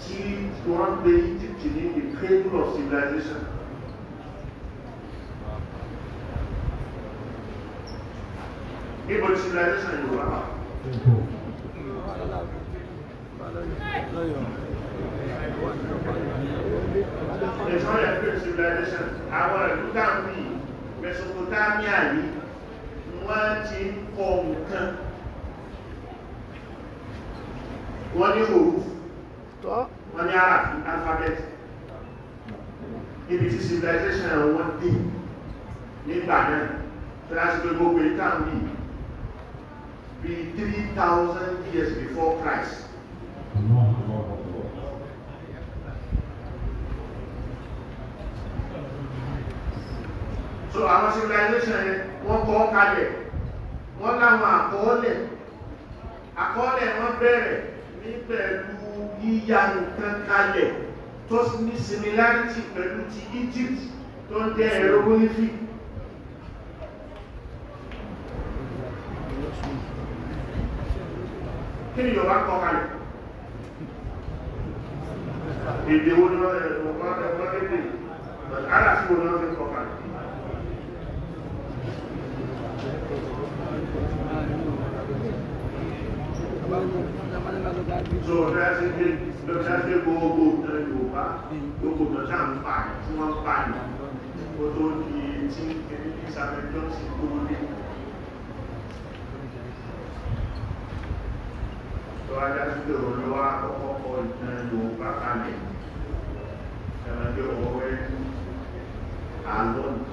tí wọ́n gbé Egypt the cradle of civilization. Níbo civilization yìí wà? nation european civilization àwọn ìlú dàmí mesopotamia yìí wọ́n ti ń kọ nǹkan wọ́n ní òrùfù wọ́n ní ara fún alphabet níbi tí civilization wọ́n dé nígbà náà tó láti pé gbogbo ìtàmì bí 3000 years before Christ so àwọn civilization yẹn wọ́n kọ́ kalẹ̀ wọ́n láwọn àkọọ́lẹ̀ àkọọ́lẹ̀ wọ́n bẹ̀rẹ̀ ní pẹ̀lú yíya nǹkan kalẹ̀ tó ní similarity pẹ̀lú ti Egypt tó ń jẹ́ ẹ̀rọ onífíì kí ni yọba kọ kalẹ̀ èdè wo ni wọ́n ẹ̀rọ wọ́n ẹ̀rọ ẹ̀rọ ara sí wo ni wọ́n fi kọ kalẹ̀ so lọ́sẹ̀ pé lọ́sẹ̀ pé gbogbo ìtàn yorùbá gbogbo ìtàn sáà ń pa tí di tí ẹni bí sàmẹ́ johnson tó lé. tó ajá sí pé òun lọ́wọ́ àkọ́kọ́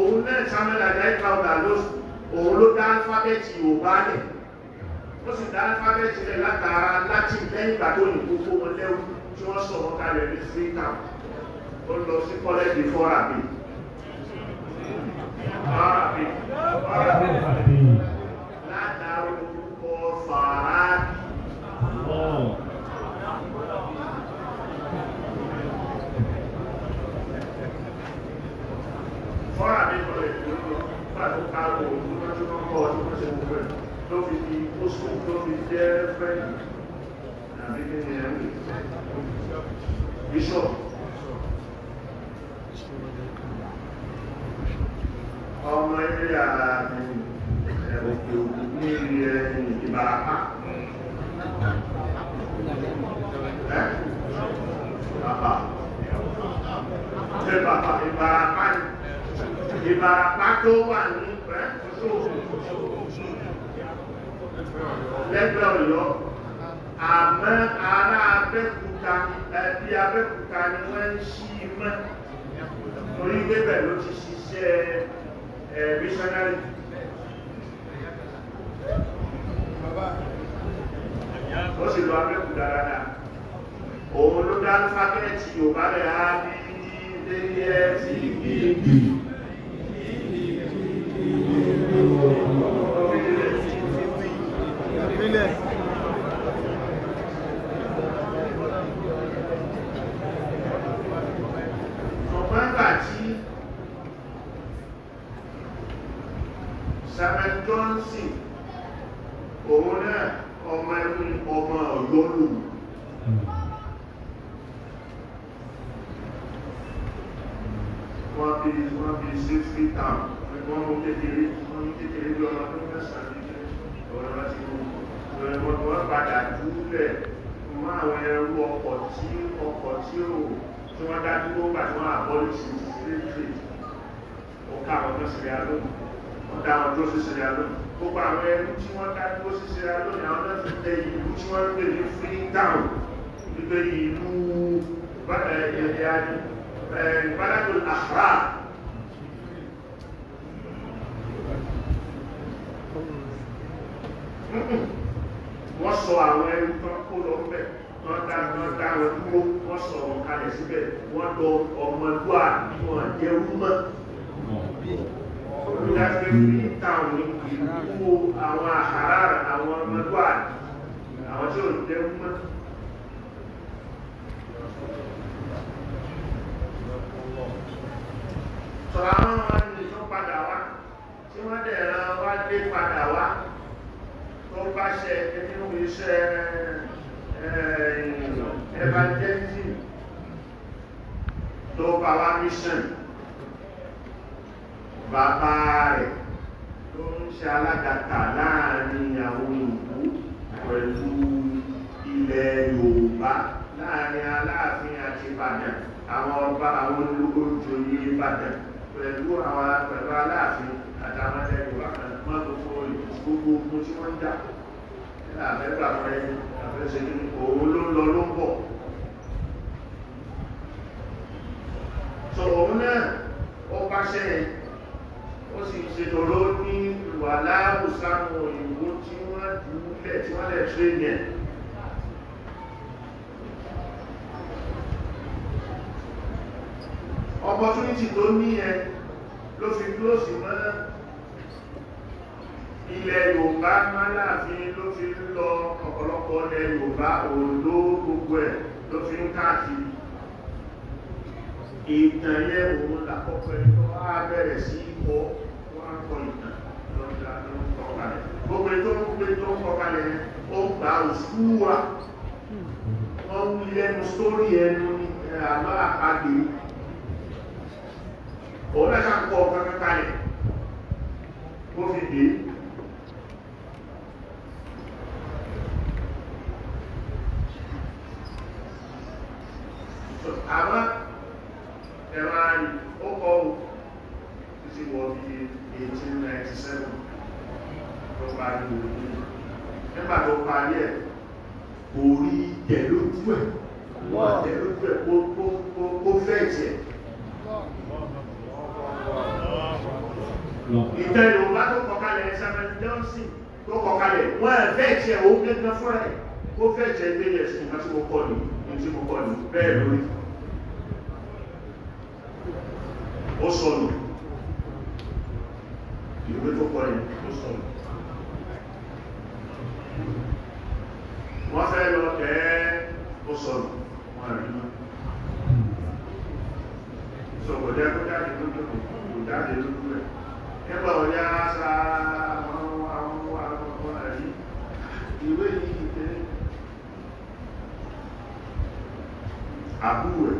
òun náà samuel ajayi clouda ló òun ló dá alifábẹ́ẹ̀tì yorùbá lẹ̀ ó sì dá alifábẹ́ẹ̀tì rẹ̀ látara láti lẹ́yìn ìgbà tó yìnbó kó wọn lẹ́wù tí wọ́n sọ̀rọ̀ kalẹ̀ ní freetown ó lọ sí kọ́lẹ́jì fọ́ràbí fọ́ràbí fọ́ràbí. advocado, durante uma hora, por exemplo, providimos com providência. Bishop. ọmọ ilé ara ni òkè òkú ní ilé Ìbàràpá ẹ bàbá Ìbàràpá Ìbàràpá ni. ìbàràpá tó wà ní lẹ́gbẹ́ ọ̀yọ́ àmọ́ ará abẹ́kúta ẹbí abẹ́kúta ni wọ́n ń ṣí mọ́ torí gbébẹ̀ ló ti ṣiṣẹ́ ẹ̀ missionary ó sì lọ abẹ́kúta dáadáa òun ló dá fákẹ́ẹ̀tì yorùbá rẹ̀ lórílẹ̀. ọ̀pọ̀ ìgbà tí Samuel Johnson òun náà ọmọ ẹrú ọmọ ọ̀yọ́ lòun wọ́n bí wọ́n bí sixty town wọ́n mú kékeré wọ́n wọ́n padà dúlẹ̀ mọ́ àwọn ẹrú ọkọ̀ tí ọkọ̀ tí ó tí wọ́n dá dúró gbà tí wọ́n àbọ́lùsì sílẹ̀ ó ká àwọn tó sílẹ̀ alóhùn wọ́n dá àwọn tó sílẹ̀ alóhùn gbogbo àwọn ẹrú tí wọ́n dá dúró sílẹ̀ alóhùn àwọn náà fi tẹ ìlú tí wọ́n ń pè ní freetown nígbè ìlú ìbádàgbò àfrà Mm-mm wọ́n sọ àwọn ẹrú tán kó lọ bẹ̀ wọ́n dá wọ́n dá wọn dúró wọ́n sọ wọn kalẹ̀ síbẹ̀ wọ́n lọ ọmọlúwà wọn jẹ́ rúmọ́. olùdásílẹ̀ fún ìtàwọn ìlú àwọn àhárá àwọn ọmọlúwà àwọn tí ò jẹ́ rúmọ́. sọ̀rọ̀ àwọn ọmọ ènìyàn padà wá tí wọ́n dẹ̀ wá dé padà pàṣẹ nínú iṣẹ́ evangelism tó bá wá mission bàbá rẹ̀ tó ń ṣe alágàtà láàrin àwọn òyìnbó pẹ̀lú ilẹ̀ Yorùbá láàrin Aláàfin àti Ìbàdàn àwọn ọba àwọn olóòjòyè Ìbàdàn pẹ̀lú àwọn pẹ̀lú Aláàfin àtàwọn ẹgbẹ̀rún mọ́tò fún gbogbo ogun tí wọ́n ń jà nínú àfẹ́gbà fẹ́ àfẹ́sẹ̀ ní òun ló lọ ló bọ̀ so òun náà ó pàṣẹ ó sì ṣe tòró ní ìwà láàrùsánù òyìnbó tí wọ́n dúlẹ̀ tí wọ́n lẹ̀ tó ènìyàn opportunity tó ní ẹ ló fi close mọ́ ilẹ̀ yorùbá málàfin ló fi ń lọ ọ̀pọ̀lọpọ̀ ilẹ̀ yorùbá òǹdó gbogbo ẹ̀ ló fi ń káàkiri ìtàn yẹn òun làkọ́kọ́ ẹ̀ tó wá bẹ̀rẹ̀ sí ikọ̀ wọ́n á kọ ìtàn lọ́jà ló ń kọ́ kalẹ̀ gbogbo ètò gbogbo ètò ń kọ́ kalẹ̀ ó gbà òṣù wa wọ́n ń lẹ́nu sórí ẹnu ní àmọ́ àpagbè òun náà ṣàkóso ọ̀kan kankalẹ̀ ó fi dé so àmọ́ ẹ̀rọ ayé ó kọ́ ò títí wọ́n bí 1897 ló parí òní nígbà tó parí ẹ̀ kò rí ìtẹ̀ lójú ẹ̀ wọ́n tẹ̀ lójú ẹ̀ kó fẹ́ jẹ́ ìtẹ̀ yorùbá tó kọkalẹ̀ ẹ̀sàmẹ́lì dẹ́ọ̀sìn tó kọkalẹ̀ wọ́n ẹ̀ fẹ́ jẹ́ òun gẹ́gẹ́ fúnra ẹ̀ kó fẹ́ jẹ́ ilé ẹ̀sìn àti òkọ́ nìyí tí mo kọ́ ní bẹ́ẹ̀ lórí ó sọnù ìwé tó kọ́ ní ó sọnù wọ́n fẹ́ lọ tẹ́ ó sọnù wọ́n rí mọ́ so kò jẹ́ kó jáde lójú kò jáde lójú rẹ̀ nígbà ọ̀yá sáà àwọn àwọn àwọn àrí ìwé yìí àbúrò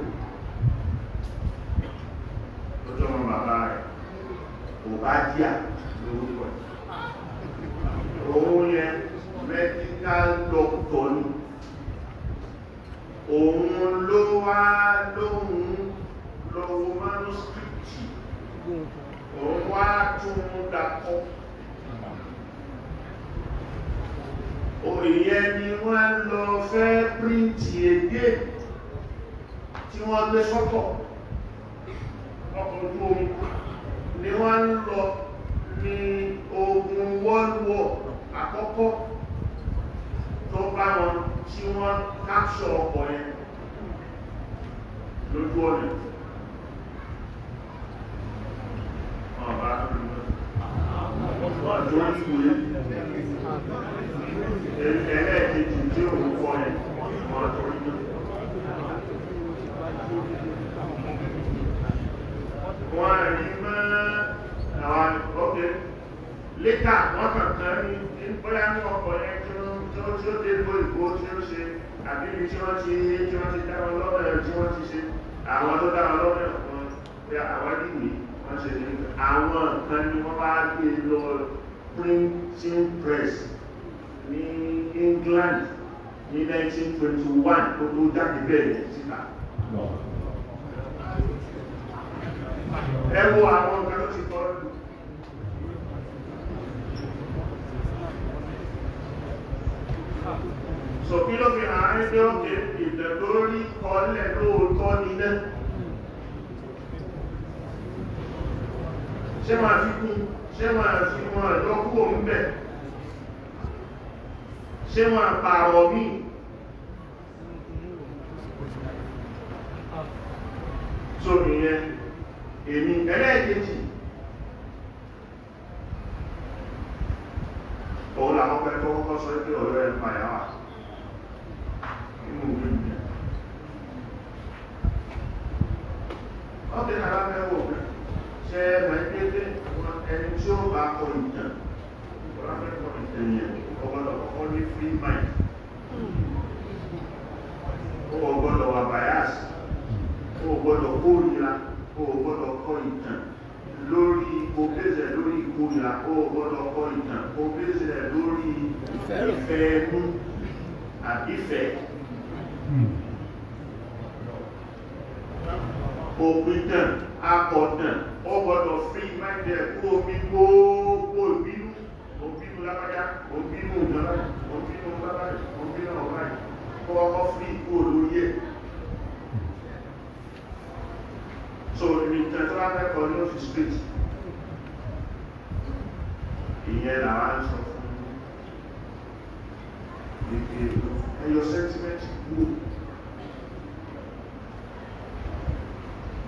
o ó jọ ọmọ bàbá rẹ̀ kò bá díà lórúkọ ẹ̀ òun yẹn medical doctor ni òun ló wá lóhun lọ́wọ́ manuscript òun wá tún mú dakọ́ òyìn ni wọ́n lọ fẹ́ píríntì èdè tí wọ́n lé sọ́tọ̀ ọkọ̀ ojú omi ni wọ́n ń lọ ní ogun world war àkọ́kọ́ tó bá wọn tí wọ́n káṣọ ọkọ̀ yẹn lójú ọ̀nà ọba àjọ ìwé ẹ̀ẹ́kejì wọ́n rí mọ́ àwọn ọ̀gbẹ́ létà wọ́n kàn kan ní bóyá ní ọkọ̀ yẹn tí ó tó tí ó dé bó ìbò tí ó ṣe àbí ibi tí wọ́n ti tí wọ́n ti dáwọn lọ́wọ́ ẹ̀ tí wọ́n ti ṣe àwọn tó dáwọn lọ́wọ́ ẹ̀ kan pé àwọn ìwé wọ́n ṣe ní àwọn nǹkan ni wọ́n bá gbé lọ printing press ní England ní 1921 tó tó jáde bẹ́ẹ̀ síta lọ. ẹ wo àwọn ọ̀gá ló ti tọ́ sọ kí ló fi hàn án pé òkè ìdẹ̀lórí kọlẹ̀ lóòótọ́ ni náà ṣé máa fi kún ṣé máa fi wọn ẹ̀lọ́kú òun bẹ̀ ṣé máa pààrọ̀ míì so ìyẹn èmi ẹlẹ́ẹ̀kejì òun làwọn pẹ́ kọ́kọ́ sọ pé ọ̀rọ̀ ẹ̀ pàyà wà nínú ìwé ìgbẹ́ ọ̀tẹ́ nàrà mẹ́wò ṣe mẹ́gbẹ́gbẹ́ ẹni tí ó bá kọ ìtàn ọ̀rọ̀ ìtẹ̀yẹn ọgbọ́dọ̀ kọ́kọ́ ní free mind ó ọgbọ́dọ̀ wà bias o gbọ́dọ̀ kórìíra o gbọ́dọ̀ kọ ìtàn lórí o bẹ́sẹ̀ lórí ìkórìíra o gbọ́dọ̀ kọ ìtàn o bẹ́sẹ̀ lórí ìfẹ́ ẹnu àbífẹ́ òpin tàn akọ̀ tàn o gbọ́dọ̀ fi máìdẹ̀ kó omi gbogbo ìbínú òbínú lábájá òbínú ìjọba òbínú bábáyé òbínú ọ̀báyé kọ́ ọkọ̀ fi ikú olóyè so ibi tẹ̀tẹ̀rà mẹ́kọ̀ọ́ ní òfin street ìyẹn làwa ń sọ fún sentiment kúrò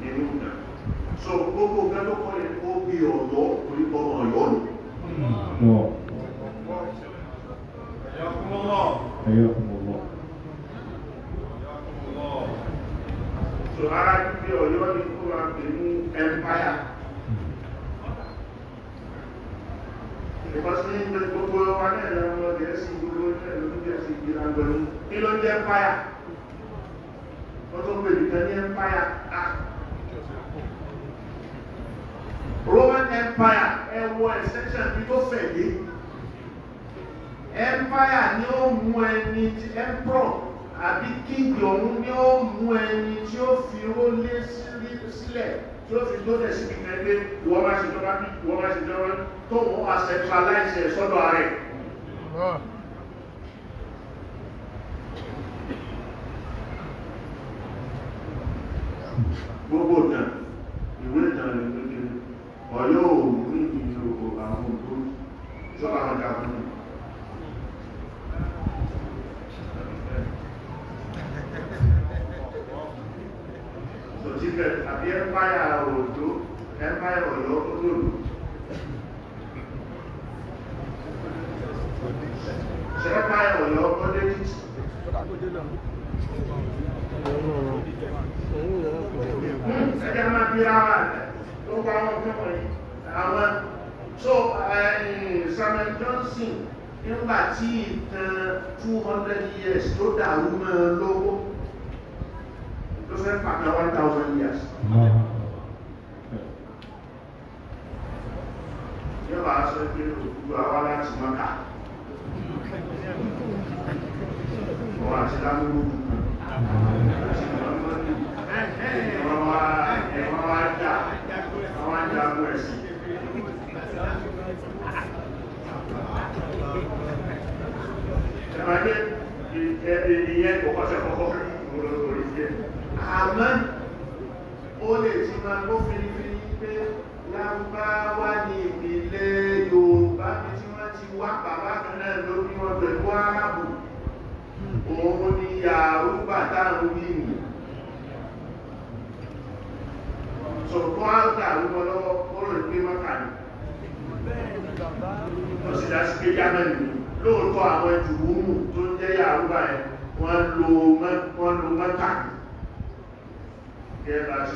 nínú ìgbà so gbogbo ọ̀gá ló kọ́ yẹ kó bí ọ̀yọ́ orí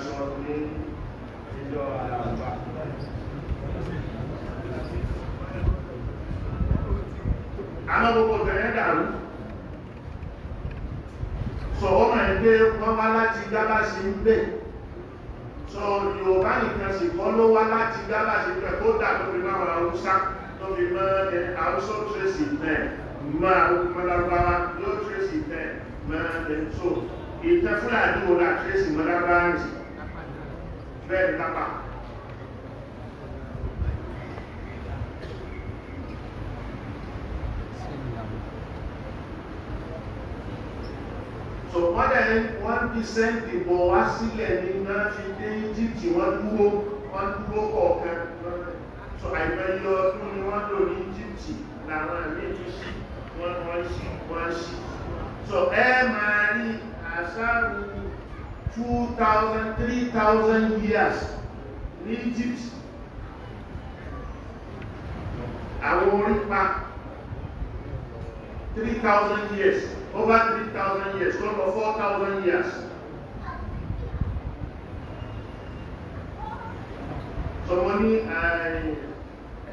aṣọ ní ìjọ àlàbà. àwọn gbogbo tẹ̀yẹ́ dàrú sọ wọ́n mọ̀ pé wọ́n wá láti gábà sí ń bẹ̀ sọ Yorùbá nìkan sì kọ́ ló wá láti gábà sí ń bẹ̀ kó dà tó fi máa Haúsá tó fi mọ́ ẹ Haúsá tó ṣe sì bẹ̀ mọ́ àwọn ọmọlágbára yóò ṣe sí bẹ́ẹ̀ ni lápá. so wọ́n dẹ̀ wọ́n fi sẹ́ǹtì bọ̀ wá sílẹ̀ ní náà fi dé egypt wọ́n dúró wọ́n dúró kọ̀ọ̀kan so àìmọye ọdún ni wọ́n lò ní egypt làwọn àmì ìtúsí wọ́n wọ́n sí wọ́n sí so ẹ máa rí àṣà rúru 2,000, 3,000 years ní Egypt àwọn orípa 3,000 years over 3,000 years lọ́nà 4,000 years sọmọ ní eh,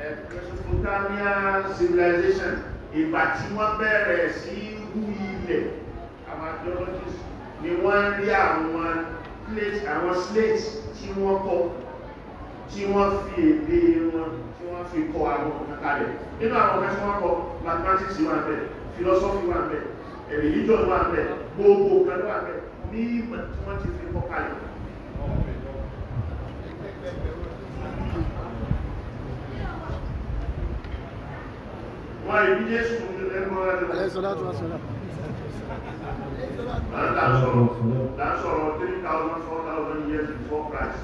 eh, Mesopotamia civilization ìgbà tí wọ́n bẹ̀rẹ̀ sí hú ilẹ̀ àwọn archaeologists ni wọ́n rí àwọn plate àwọn slate tí wọ́n kọ́ tí wọ́n fi èdè wọn tí wọ́n fi kọ́ àwọn kàkà rẹ̀ nínú àwọn ọ̀gá tí wọ́n kọ́ mathematics wà bẹ̀ philosophy wà bẹ̀ religion wà bẹ̀ gbogbo kan wà bẹ̀ ní ìmọ̀ tí wọ́n ti fi kọ́ kalẹ̀ wọ́n ìbí jésù ẹgbọ́n rẹ̀ That's That's all. all. three thousand four thousand years before Christ.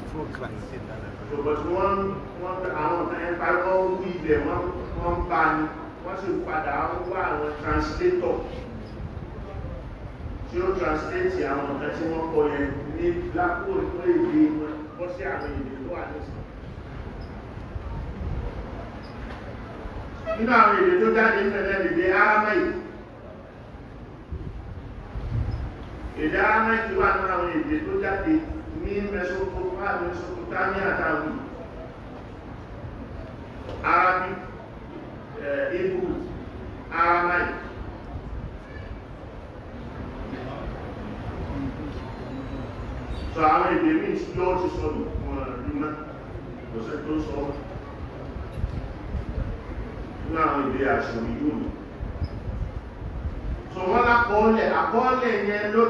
Before Christ. So but one, wọ́n àwọn ẹ̀ka wọ́n wí ilẹ̀ wọ́n bá ní wọ́n sì padà wá àwọn translator tí ó translate àwọn ọ̀gá tí wọ́n kọ black ní lápò ìpínlẹ̀ èdè wọn kọ́ sí àwọn èdè tó wà lẹ́sìn. Nínú àwọn èdè tó jáde ń tẹ̀lé èdè Aramaic èdè aramẹ́kì wà ní àwọn èdè tó jáde ní mesopotamia tàbí arabic eh, hebrew aramaic sọ àwọn èdè míì tí ó ti sọ wọn rí mọ́ kò sẹ́ tó sọ ní àwọn èdè àṣòrí yóò ṣùgbọ́n lákọọ́lẹ̀ àkọọ́lẹ̀ yẹn ló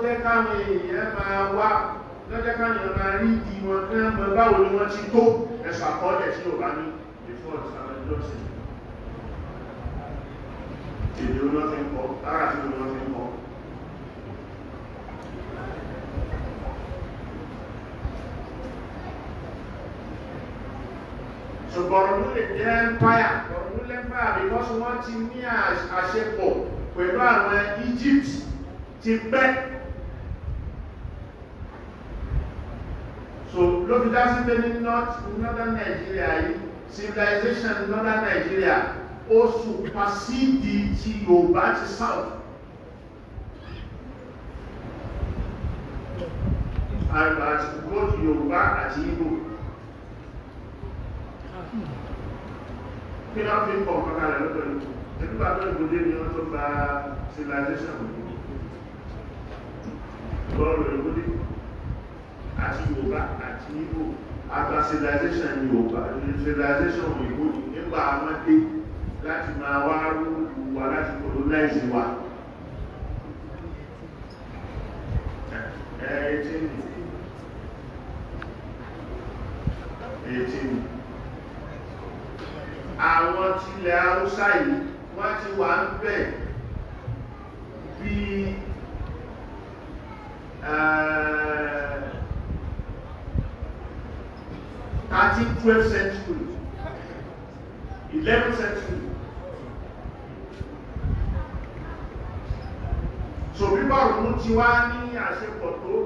jẹ́ káwọn èèyàn máa wá lọ́jẹ́ káwọn èèyàn máa rí ìdí wọn tí wọ́n báwo ni wọ́n ti tó ẹ̀sùn àkọọ́lẹ̀ tí ò bá ní before the summer lọ́sẹ̀ empire because ló lẹ́mpire because wọ́n ti ní àṣepọ̀ pẹ̀lú àwọn Egypt ti pẹ́ so ló fi dá sí pé ní northern Nigeria yìí civilization northern Nigeria ó supersede ti Yorùbá ti south àgbà àti gbóòdù Yorùbá àti Igbo kí lọ́pí pọ̀ kọ́kàrẹ̀ lọ́pẹ̀lú nígbà náà ìgbòdé ni wọ́n tó gba civilization lọ́rọ̀ ìgbòdé àti Yorùbá àti Ìgbò àgbà civilization Yorùbá civilization Ìgbò nígbà àwọn dé láti máa wá rúrú wa láti colonize wa ẹ̀ẹ́tìnì ẹ̀ẹ́tìnì àwọn tilẹ̀ Haúsá yìí wọ́n ti wà ń bẹ̀ bí eh, thirteen twelve century eleven century so bí bọ̀rùn ti wá ní àṣepọ̀ tó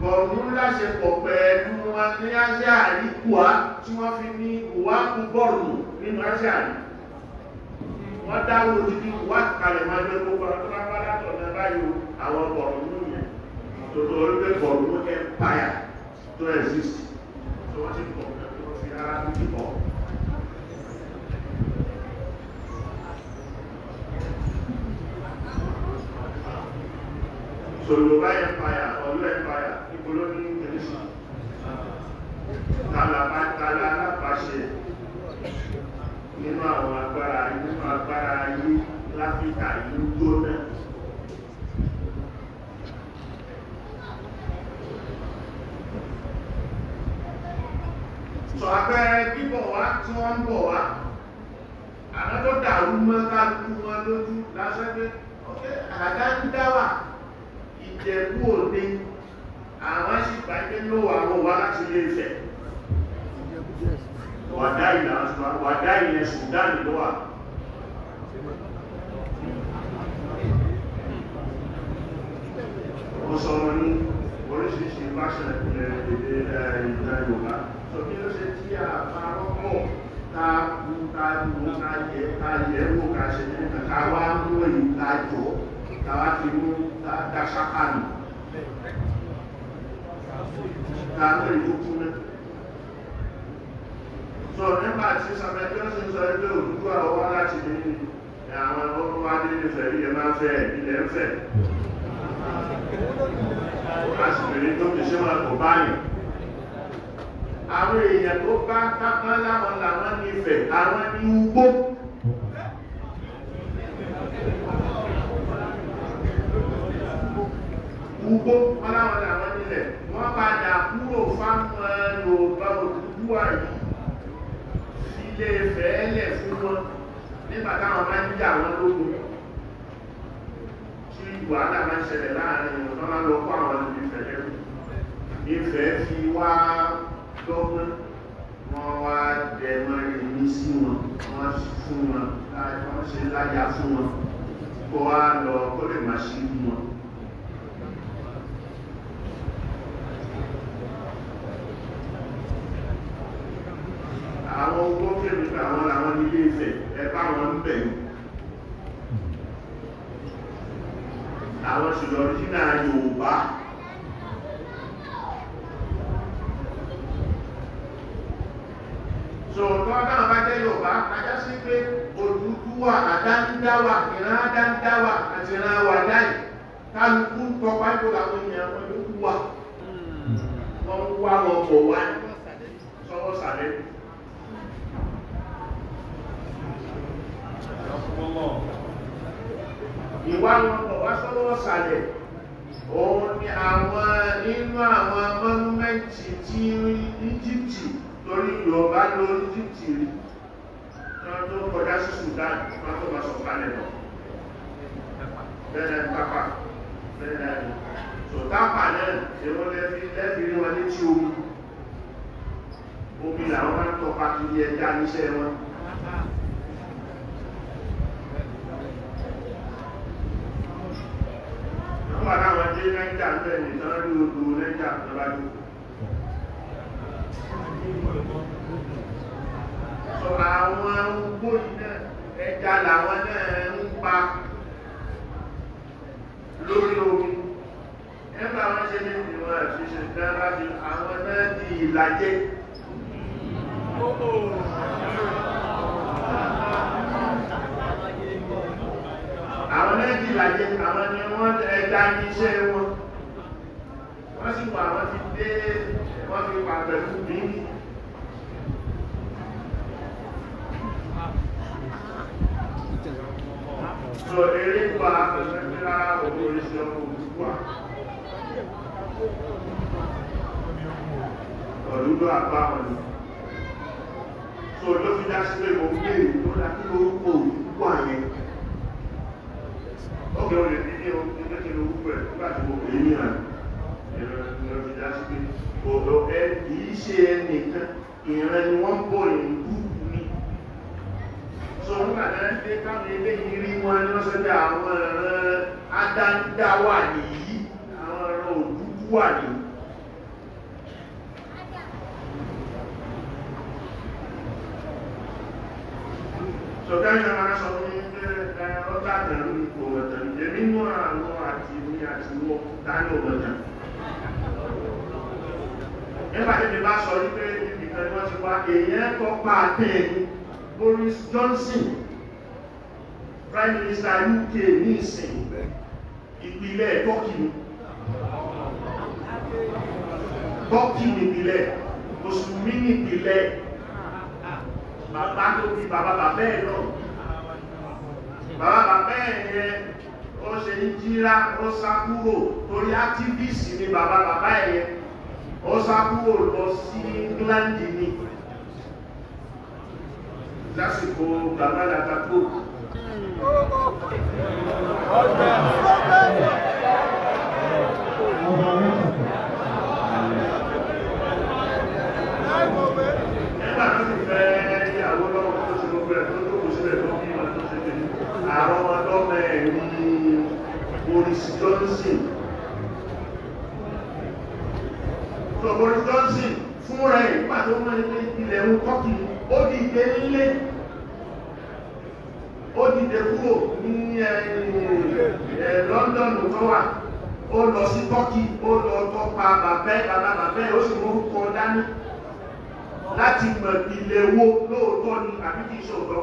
bọ̀rùn láṣepọ̀ pẹ̀lú wọn ní àṣẹ àríkùá tí wọ́n fi ní ìwákú bọ̀rùn nínú àṣẹ àríkù wọ́n dáwọ́ títí wá kalẹ̀ máa jẹ́ gbogbo àwọn tó bá bá látọ̀ náà báyìí àwọn bọ̀rùnú yẹn tó tó orí pé bọ̀rùnú empire tó exist tó wọ́n ti pọ̀ tó wọ́n fi rárá tó ti pọ̀. Soloba empire Olu empire Ibolo ní Tennessee. Tala Tala Alápàṣẹ nínú àwọn agbára nínú agbára ayé láfíríkà ìlú gbóná. sọ abẹ́rẹ́ bíbọ̀ wá tí wọ́n ń bọ̀ wá àwọn tó dàrú mọ́ kálukú wọn lójú lásán pé àdá ń dáwà ìjẹ̀bú òde àwọn sì gbàgbé lówà lówà láti lè fẹ̀ẹ́ wàdá ìlà wàdá ilẹ̀ Sudan ló wà ó sọ wọn ní oríṣiríṣi ìbáṣẹ̀ ilẹ̀ ìlà Yorùbá sọ kí ló ṣe tí a bá rọ́pọ̀ ta kú ta kú ta yẹ ta yẹ wò ká ṣe ní kàkà wá lóyìn ta jọ ta wá fi mú ta daṣáká nù ta lóyìn tó kú náà so nígbà tí samuel johnson sọ pé olùkọ́ àwọn wá láti ní àwọn ọmọ wa ní ìfẹ́ yìí ẹ máa fẹ́ ilẹ̀ ń fẹ́ àṣìbìrì tó fi ṣe wọn kò báyìí àwọn èèyàn tó bá kápá láwọn làwọn nífẹ̀ẹ́ àwọn ní ugbó ugbó wọn láwọn làwọn nílẹ̀ wọ́n padà kúrò fáwọn Yorùbá òdúdúwà yìí ilé Ifẹ̀ ẹlẹ̀ fún wọn nígbà táwọn máa ń jà wọn lógun tí wàhálà máa ń ṣẹlẹ̀ láàrin wọn máa lọ kó àwọn ìlú Ifẹ̀ lẹ́rù Ifẹ̀ fi wá dọ́gbọ́n wọ́n wá jẹ mọ́ ìní sí wọn wọ́n fún wọn wọ́n ṣe láyà fún wọn kó wá lọ kó lè máa ṣe wọn àwọn owó kẹ́mi pé àwọn làwọn ní ilé ìfẹ́ ẹ bá wọn ń bẹ̀. àwọn ṣùgbọ́n jìnnà Yorùbá. sọ̀rọ̀ tó bá jẹ́ Yorùbá ajá sí pé Odùduwà àdándáwà ìran àdándáwà àti ìran àwà dáì kálukú tọpa ìpò àwọn èèyàn wọn ló wà hmm. wọn wá wọn bọ̀ wá sọ́wọ́ sàlẹ̀ ìwà wọ́n sọ́lọ́wọ́ sàlẹ̀ òun ni àwọn inú àwọn mọ́númẹ́ntì tí Íjíptì torí Yorùbá ló Íjíptì rí tó kọjá sí Sudan wọ́n tó bá sọ̀kalẹ̀ lọ bẹ́ẹ̀ pápá bẹ́ẹ̀ sọ̀tápà náà èrò lẹ́fìrí wọn ní tí omi omi làwọn máa ń tọpa kiri ẹja níṣẹ́ wọn nígbà táwọn dé nàìjà ń bẹ̀ nìkan rí odò nàìjà tó sọ àwọn arúgbó ẹja làwọn náà ń pa lórí omi nígbà wọn ṣe ní ìwọ̀n àṣìṣe náà láti àwọn náà di ìlàjẹ. àwọn méjìlá yẹ àwọn ni wọ́n ẹja ní iṣẹ́ wọn wọ́n sì wà wọ́n ti dé wọ́n ti wà pẹ̀lú mi sọ eré pa ìṣẹ́fẹ́lá òkú oríṣẹ́ ọmọ òṣùpá ọ̀dúnlọ́ àpá ọ̀nà sọ ló fi dá sílẹ̀ mọ́ pé ìlú tó dá kí lórúkọ òun lọ rẹ̀ ní ní ohun tó ṣe lówó pẹ̀ nígbà tí mo pè é yàn ẹ̀rọ ìrọ̀ dá sí pé ọ̀dọ̀ ẹ kìí ṣe ẹnìkan ìran ni wọ́n ń bọ̀ ìlú ni sọ nígbà náà dé káwọn eléyìí rí wọn lọ́sọ̀dọ̀ àwọn ẹ̀ràn adáńdá wà nìyí àwọn ẹ̀ràn òdúdú wà nìyí So that's another something ọgbà tẹ̀lú kò mọ̀tàn èmi mú àwọn àti ní àti wọ́ dání òmọ̀tàn nígbà tí mi bá sọ wípé ìbìkan ni wọ́n ti wá èèyàn tọ́pa àtẹ́ẹ̀ni Boris Johnson Prime Minister UK ní ìsìn ìpìlẹ̀ Turkey Turkey nìpìlẹ̀ mùsùlùmí nìpìlẹ̀ bàbá tó fi bàbá bàbá ẹ̀ náà bàbá bẹ́ẹ̀ yẹn ó ṣe ń jíra ó sá kúrò torí átífíìsì ni bàbá bàbá yẹn ó sá kúrò lọ sí England ni lásìkò bàbá làtàkó Nígbà tó àwọn ọmọdọ́mọ ní Boris Johnson tó Boris Johnson fúnra ẹ̀ nígbà tó mọ́ ilé ilẹ̀ ń kọ́kì ó dìde nílé ó dìde kúrò ní eh, eh, London tó wà ó lọ sí kọ́kì ó lọ tọ́pa bàbẹ́ bàbá bàbẹ́ ó sì mú kọ dání láti mọ̀ ilé wo lóòótọ́ ni àbí kìí ṣòótọ́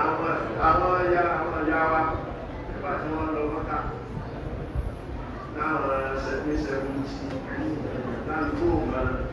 àwọn àwọn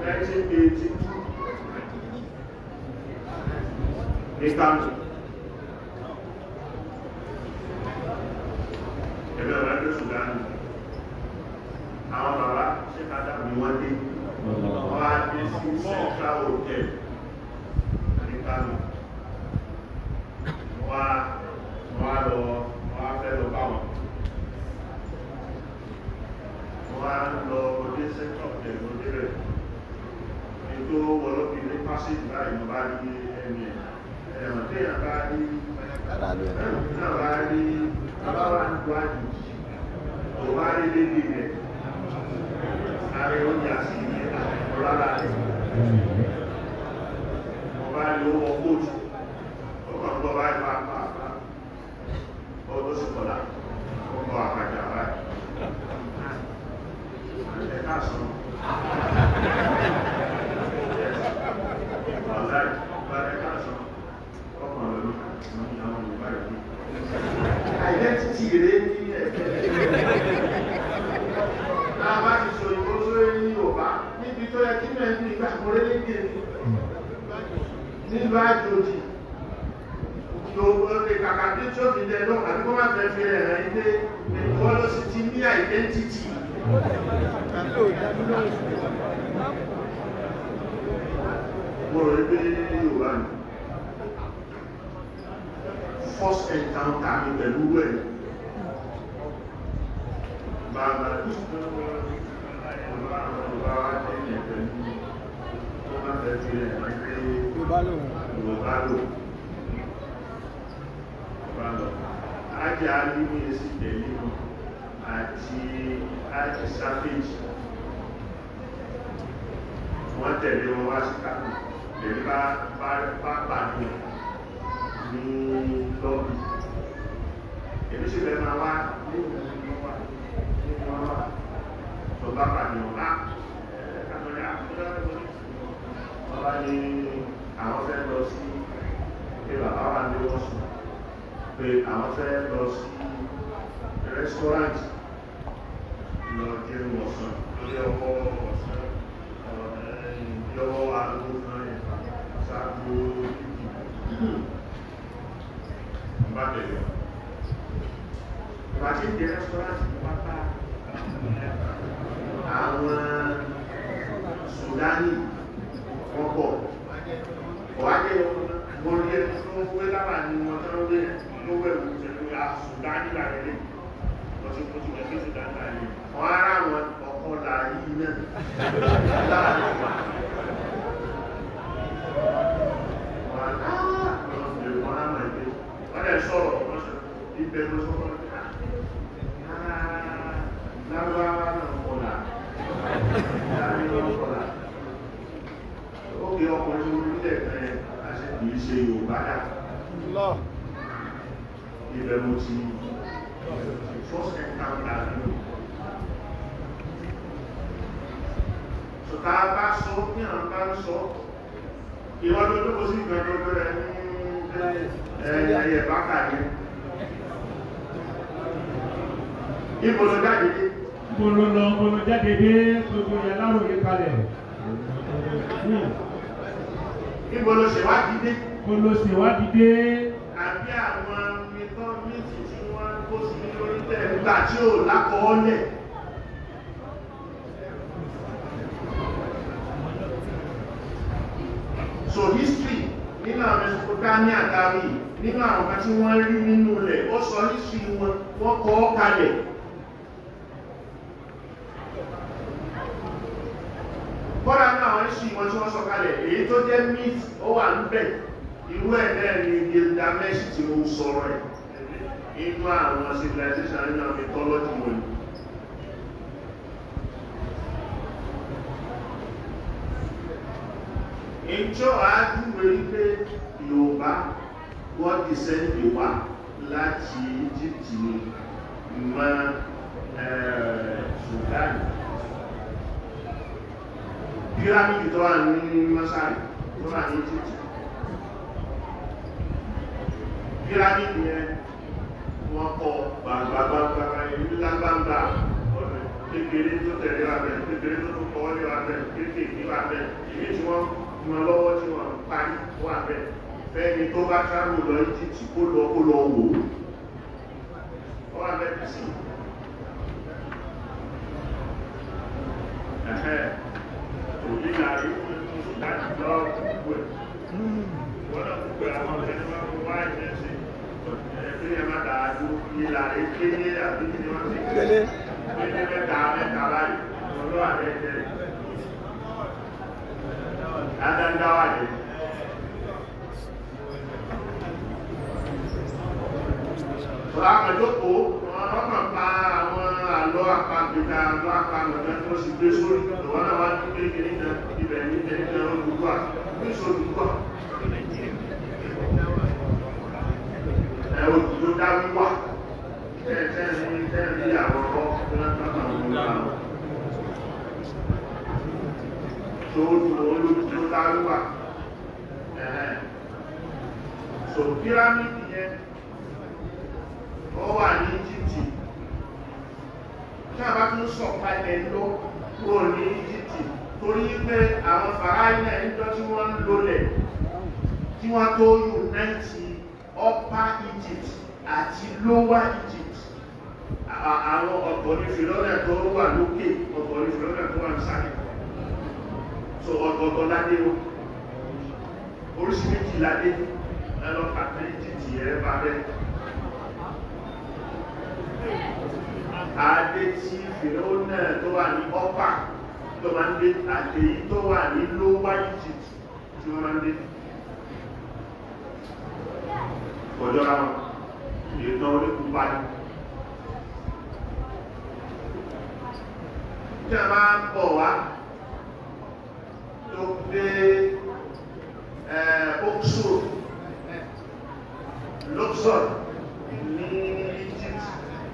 1982. Mr. ájì alímí sí tẹ̀límù àti ati sáfíjì wọ́n tẹ̀lé wọn wá sí kàkù tẹ̀lé bá pàdé ní lọ́bì èmi sì fẹ́ máa wá nínú wọn nínú wọn wá tó bá pàdé wọn ah, eh, ah, bá àtọ́lẹ́ àkúrẹ́ ọba ní àwọn fẹ́ lọ sí pé bàbá wà ní wọ́n sùn pé àwọn fẹ́ lọ sí restaurant lọ jẹun ọ̀sán lórí ọkọ̀ ọ̀sán lọ́wọ́ aago kan yẹn ṣáájú ìdìbò bá bẹ̀rẹ̀ ìbáṣe ìdí restaurant pátá àwọn sudani wọ́n pọ̀ wọ́n á jẹ́ wọn rí ẹ̀ tó ń wé lára ni wọ́n tán wé ẹ̀ tó wẹ̀rù jẹ̀lú àṣùdání láàrin lè lọ́sí kó ti gẹ̀ẹ́sì ṣùdání láàrin wọ́n ara wọn ọ̀kan láàyí náà láàrin wọ́n lè sọ̀rọ̀ ibẹ̀ ló sọ́kọ́ lárúbáwá náà kọlà láàrin wọn ìbẹ̀rù ti first encounter ní ṣùtá bá sọ ní àwọn bá ń sọ ìwọ́n tó tó sí ìgbẹ̀rù rẹ̀ ní ẹ̀yẹ̀ bákàrí ìbòlò jáde dé ìbòlò lọ ìbòlò jáde dé gbogbo ìyà láròyé kalẹ̀ ìbòlò ṣèwádìí dé ìbòlò ṣèwádìí dé àbí àwọn nígbà tí ò lákọọ́lẹ̀ so history nínú àwọn mesopotamia dárí nínú àwọn ọ̀gá tí wọ́n rí nínú rẹ̀ ó sọ history wọn wọ́n kọ́ kalẹ̀ kọ́ra ní àwọn history wọn tí wọ́n sọ kalẹ̀ èyí tó jẹ́ myth ó wà ń bẹ̀ irú ẹ̀ ni gilgamesh ti ń sọ̀rọ̀ ẹ̀ inú àwọn civilization nínú àwọn mythology wọn ìjọ àádúgbò wípé yorùbá wọ́n ti sẹ́ndì wá láti Egypt ní mọ́ Sudan pírámìdì tó wà ní Masai tó wà ní Egypt pírámìdì yẹn wọ́n kọ́ gbàgbàgbàgbà ìlú lágbàgbà ọ̀nà kékeré tó tẹ̀lé wà bẹ̀ kékeré tó tó kọ́ lé wà bẹ̀ kékeré wà bẹ̀ ìwé tí wọ́n mọ lọ́wọ́ tí wọ́n parí wà bẹ̀ fẹ́ni tó bá kárò lọ ìdí tí kó lọ kó lọ wò ó wà bẹ̀ sí. òbí náà rí láti lọ gbogbo ẹ̀ wọ́n náà gbogbo àwọn ọ̀rẹ́ wọn wá ìrẹsì ìdílé má dàá ju ìlà rẹ̀ kéde àbí ìdílé má ti kéde kéde mẹ́ta mẹ́ta láyé ọlọ́ àrẹ tẹ̀lé dáadáa lè. Ọ̀rọ̀ àwọn ìjókòó wọn mọ̀ pa àwọn àlọ́ àpagbèta àwọn àpagbèta tó sì gbé sórí ìwọ́n náà wá ní pé kìnnìkan ibẹ̀ ní kìnnìkan olùkọ́ àti ìṣòlùkọ́. àjòjì ló dá wíwá tẹ́ẹ̀tẹ́ ní tẹ́ẹ̀rí àwọn ọkọ̀ látàkà òun náà tó dùn olójú ló dá wíwá so pírámìdì yẹn ó wà ní títì tí a bá tún sọ̀kalẹ̀ lọ kúrò ní títì torí pé àwọn fàáyà ìjọ tí wọ́n ń lólẹ̀ tí wọ́n tó yùn náà upper Egypt àti lower Egypt àwọn ọ̀gbọ̀nì fìlọ́nà tó wà lókè ọ̀gbọ̀nì fìlọ́nà tó wà nísàlẹ̀ so ọ̀gbọ̀gbọ̀ ládé o oríṣi méjì ládé ẹlọ pàtó Egypt yẹn bá rẹ adé tí fìlọ́nà tó wà ní upper tó máa ń dé àtẹ̀yí tó wà ní lower Egypt tí wọ́n máa ń dé ọjọ́ra wọn èyí ni orí kú bá ní tí a máa ń bọ̀ wá tó dé Oxford Luxor ní Egypt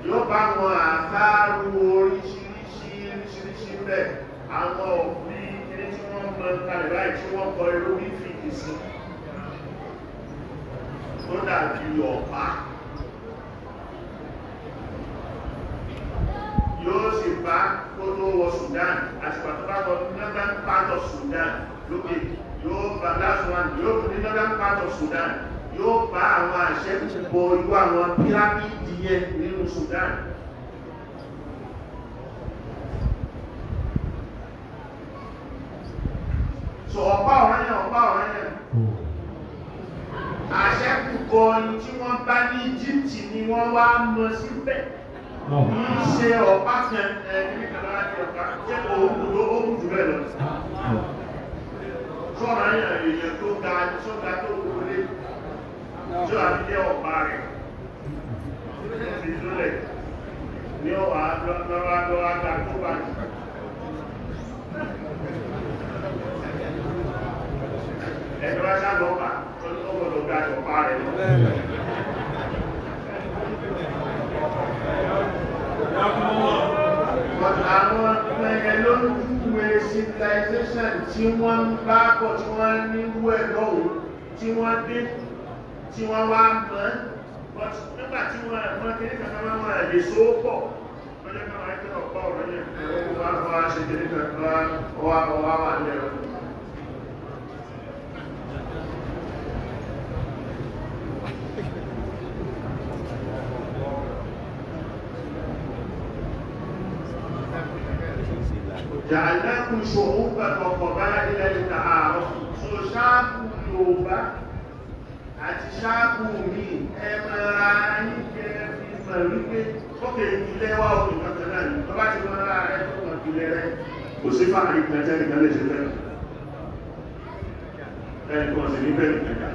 yóò bá wọn àtàrù oríṣiríṣi oríṣiríṣi bẹ́ẹ̀ àwọn òfin kiri tí wọ́n mọ kalẹ̀ báyìí tí wọ́n kọ irú wífì ìsìn ó dàbí ọ̀pá yóò sì bá kó tó wọ Sudan àti pàtàkì northern part of Sudan lókè yóò bá last one yóò ní northern part of Sudan yóò bá àwọn àṣẹ bo irú àwọn pírámìdì yẹn nínú Sudan so ọ̀pá ọ̀rẹ́yìn ọ̀pá ọ̀rẹ́yìn hmm ìbọn tí wọ́n bá ní Egypt ni wọ́n wá mọ síbẹ̀ kì í ṣe ọ̀pá kan ẹni kan lára ti ọ̀pá jẹ́ òògùn tó ó kùn jù bẹ́ẹ̀ lọ. sọ́ra yẹn èèyàn tó ga sọ́ga tó wọlé tí a ti jẹ́ ọ̀pá rẹ̀ ti lólẹ̀ ní ọ̀wà lọ́wọ́ lọ́wọ́ àgbà tó bá jù ẹ̀tọ́ wá sáàbọ̀ pa ọgbọ̀dọ̀ gba ọ̀pá rẹ̀ lọ. àwọn ẹgbẹ́ ló ń júwe civilization tí wọ́n ń bá pọ̀ tí wọ́n ní wú ẹ̀ lọ́wọ́ tí wọ́n dínkù tí wọ́n wá mọ́ nígbà tí wọ́n mọ́ kí ní kankan máa wọ́n lè so pọ̀ lọ́jọ́ kan wáyé tó ọ̀pọ̀ ọ̀rọ̀ yẹn wọ́n wá ṣe kí ní kankan wá wà ní ẹ̀rọ jàǹdàkùn ṣòwòpẹ̀ kọ̀kọ̀bá ilẹ̀ ìta àárọ̀ so ṣáàkù Yorùbá àti ṣáàkù mi ẹ mara ní kẹfì mọ̀ wípé ókè ilẹ̀ wà òkè kankan náà ní ọba ti mara ẹ tó kàn ilẹ̀ rẹ kò sí fàárí kan jẹ́ nìkan lè ṣe lẹ́nu ẹni kan sì níbẹ̀ nìkẹ̀kà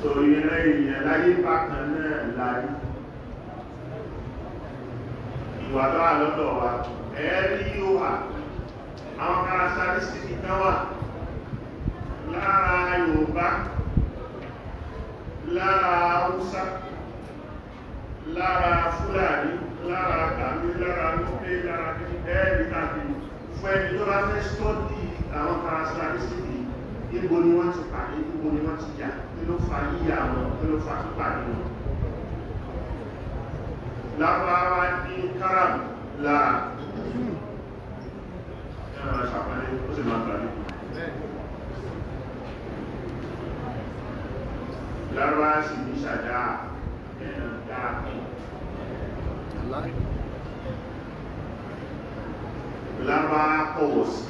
torí ẹ̀rẹ́ èèyàn láyé bákan náà láyé ìwà tó wà lọ́dọ̀ wa ẹ̀ẹ́rí yóò wà àwọn kan sáré sí nìkan wà lára Yorùbá lára Haúsá lára Fúlàní lára Kàmí lára Lókè lára Kẹ́ẹ̀rí tàbí fún ẹni tó bá fẹ́ stọ́dì àwọn parasitisiki níbo ni wọ́n ti pàdé níbo ni wọ́n ti jà kí ló fa yíyà wọn kí ló fa pípàdé wọn lábáwá ní káràm láà ẹ̀rọ ṣàpàdé ó sì máa gbàdé lárúbá sì ní ṣàdá ẹ̀rọ dáa lábá kọ̀wọ̀ sí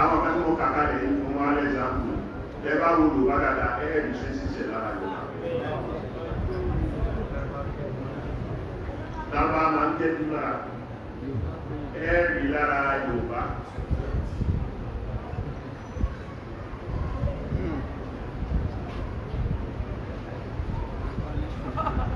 àwọn ọ̀pẹ́ tó kàkà rẹ̀ ní fún wọ́n alẹ́ ìzàmù ẹbá wòlò wá dada ẹ̀ẹ̀rì ṣe sí ṣe lára yóò lábá ma ń jẹ́ nígbà ẹ̀ẹ̀rì lára yóò bá Ha ha ha.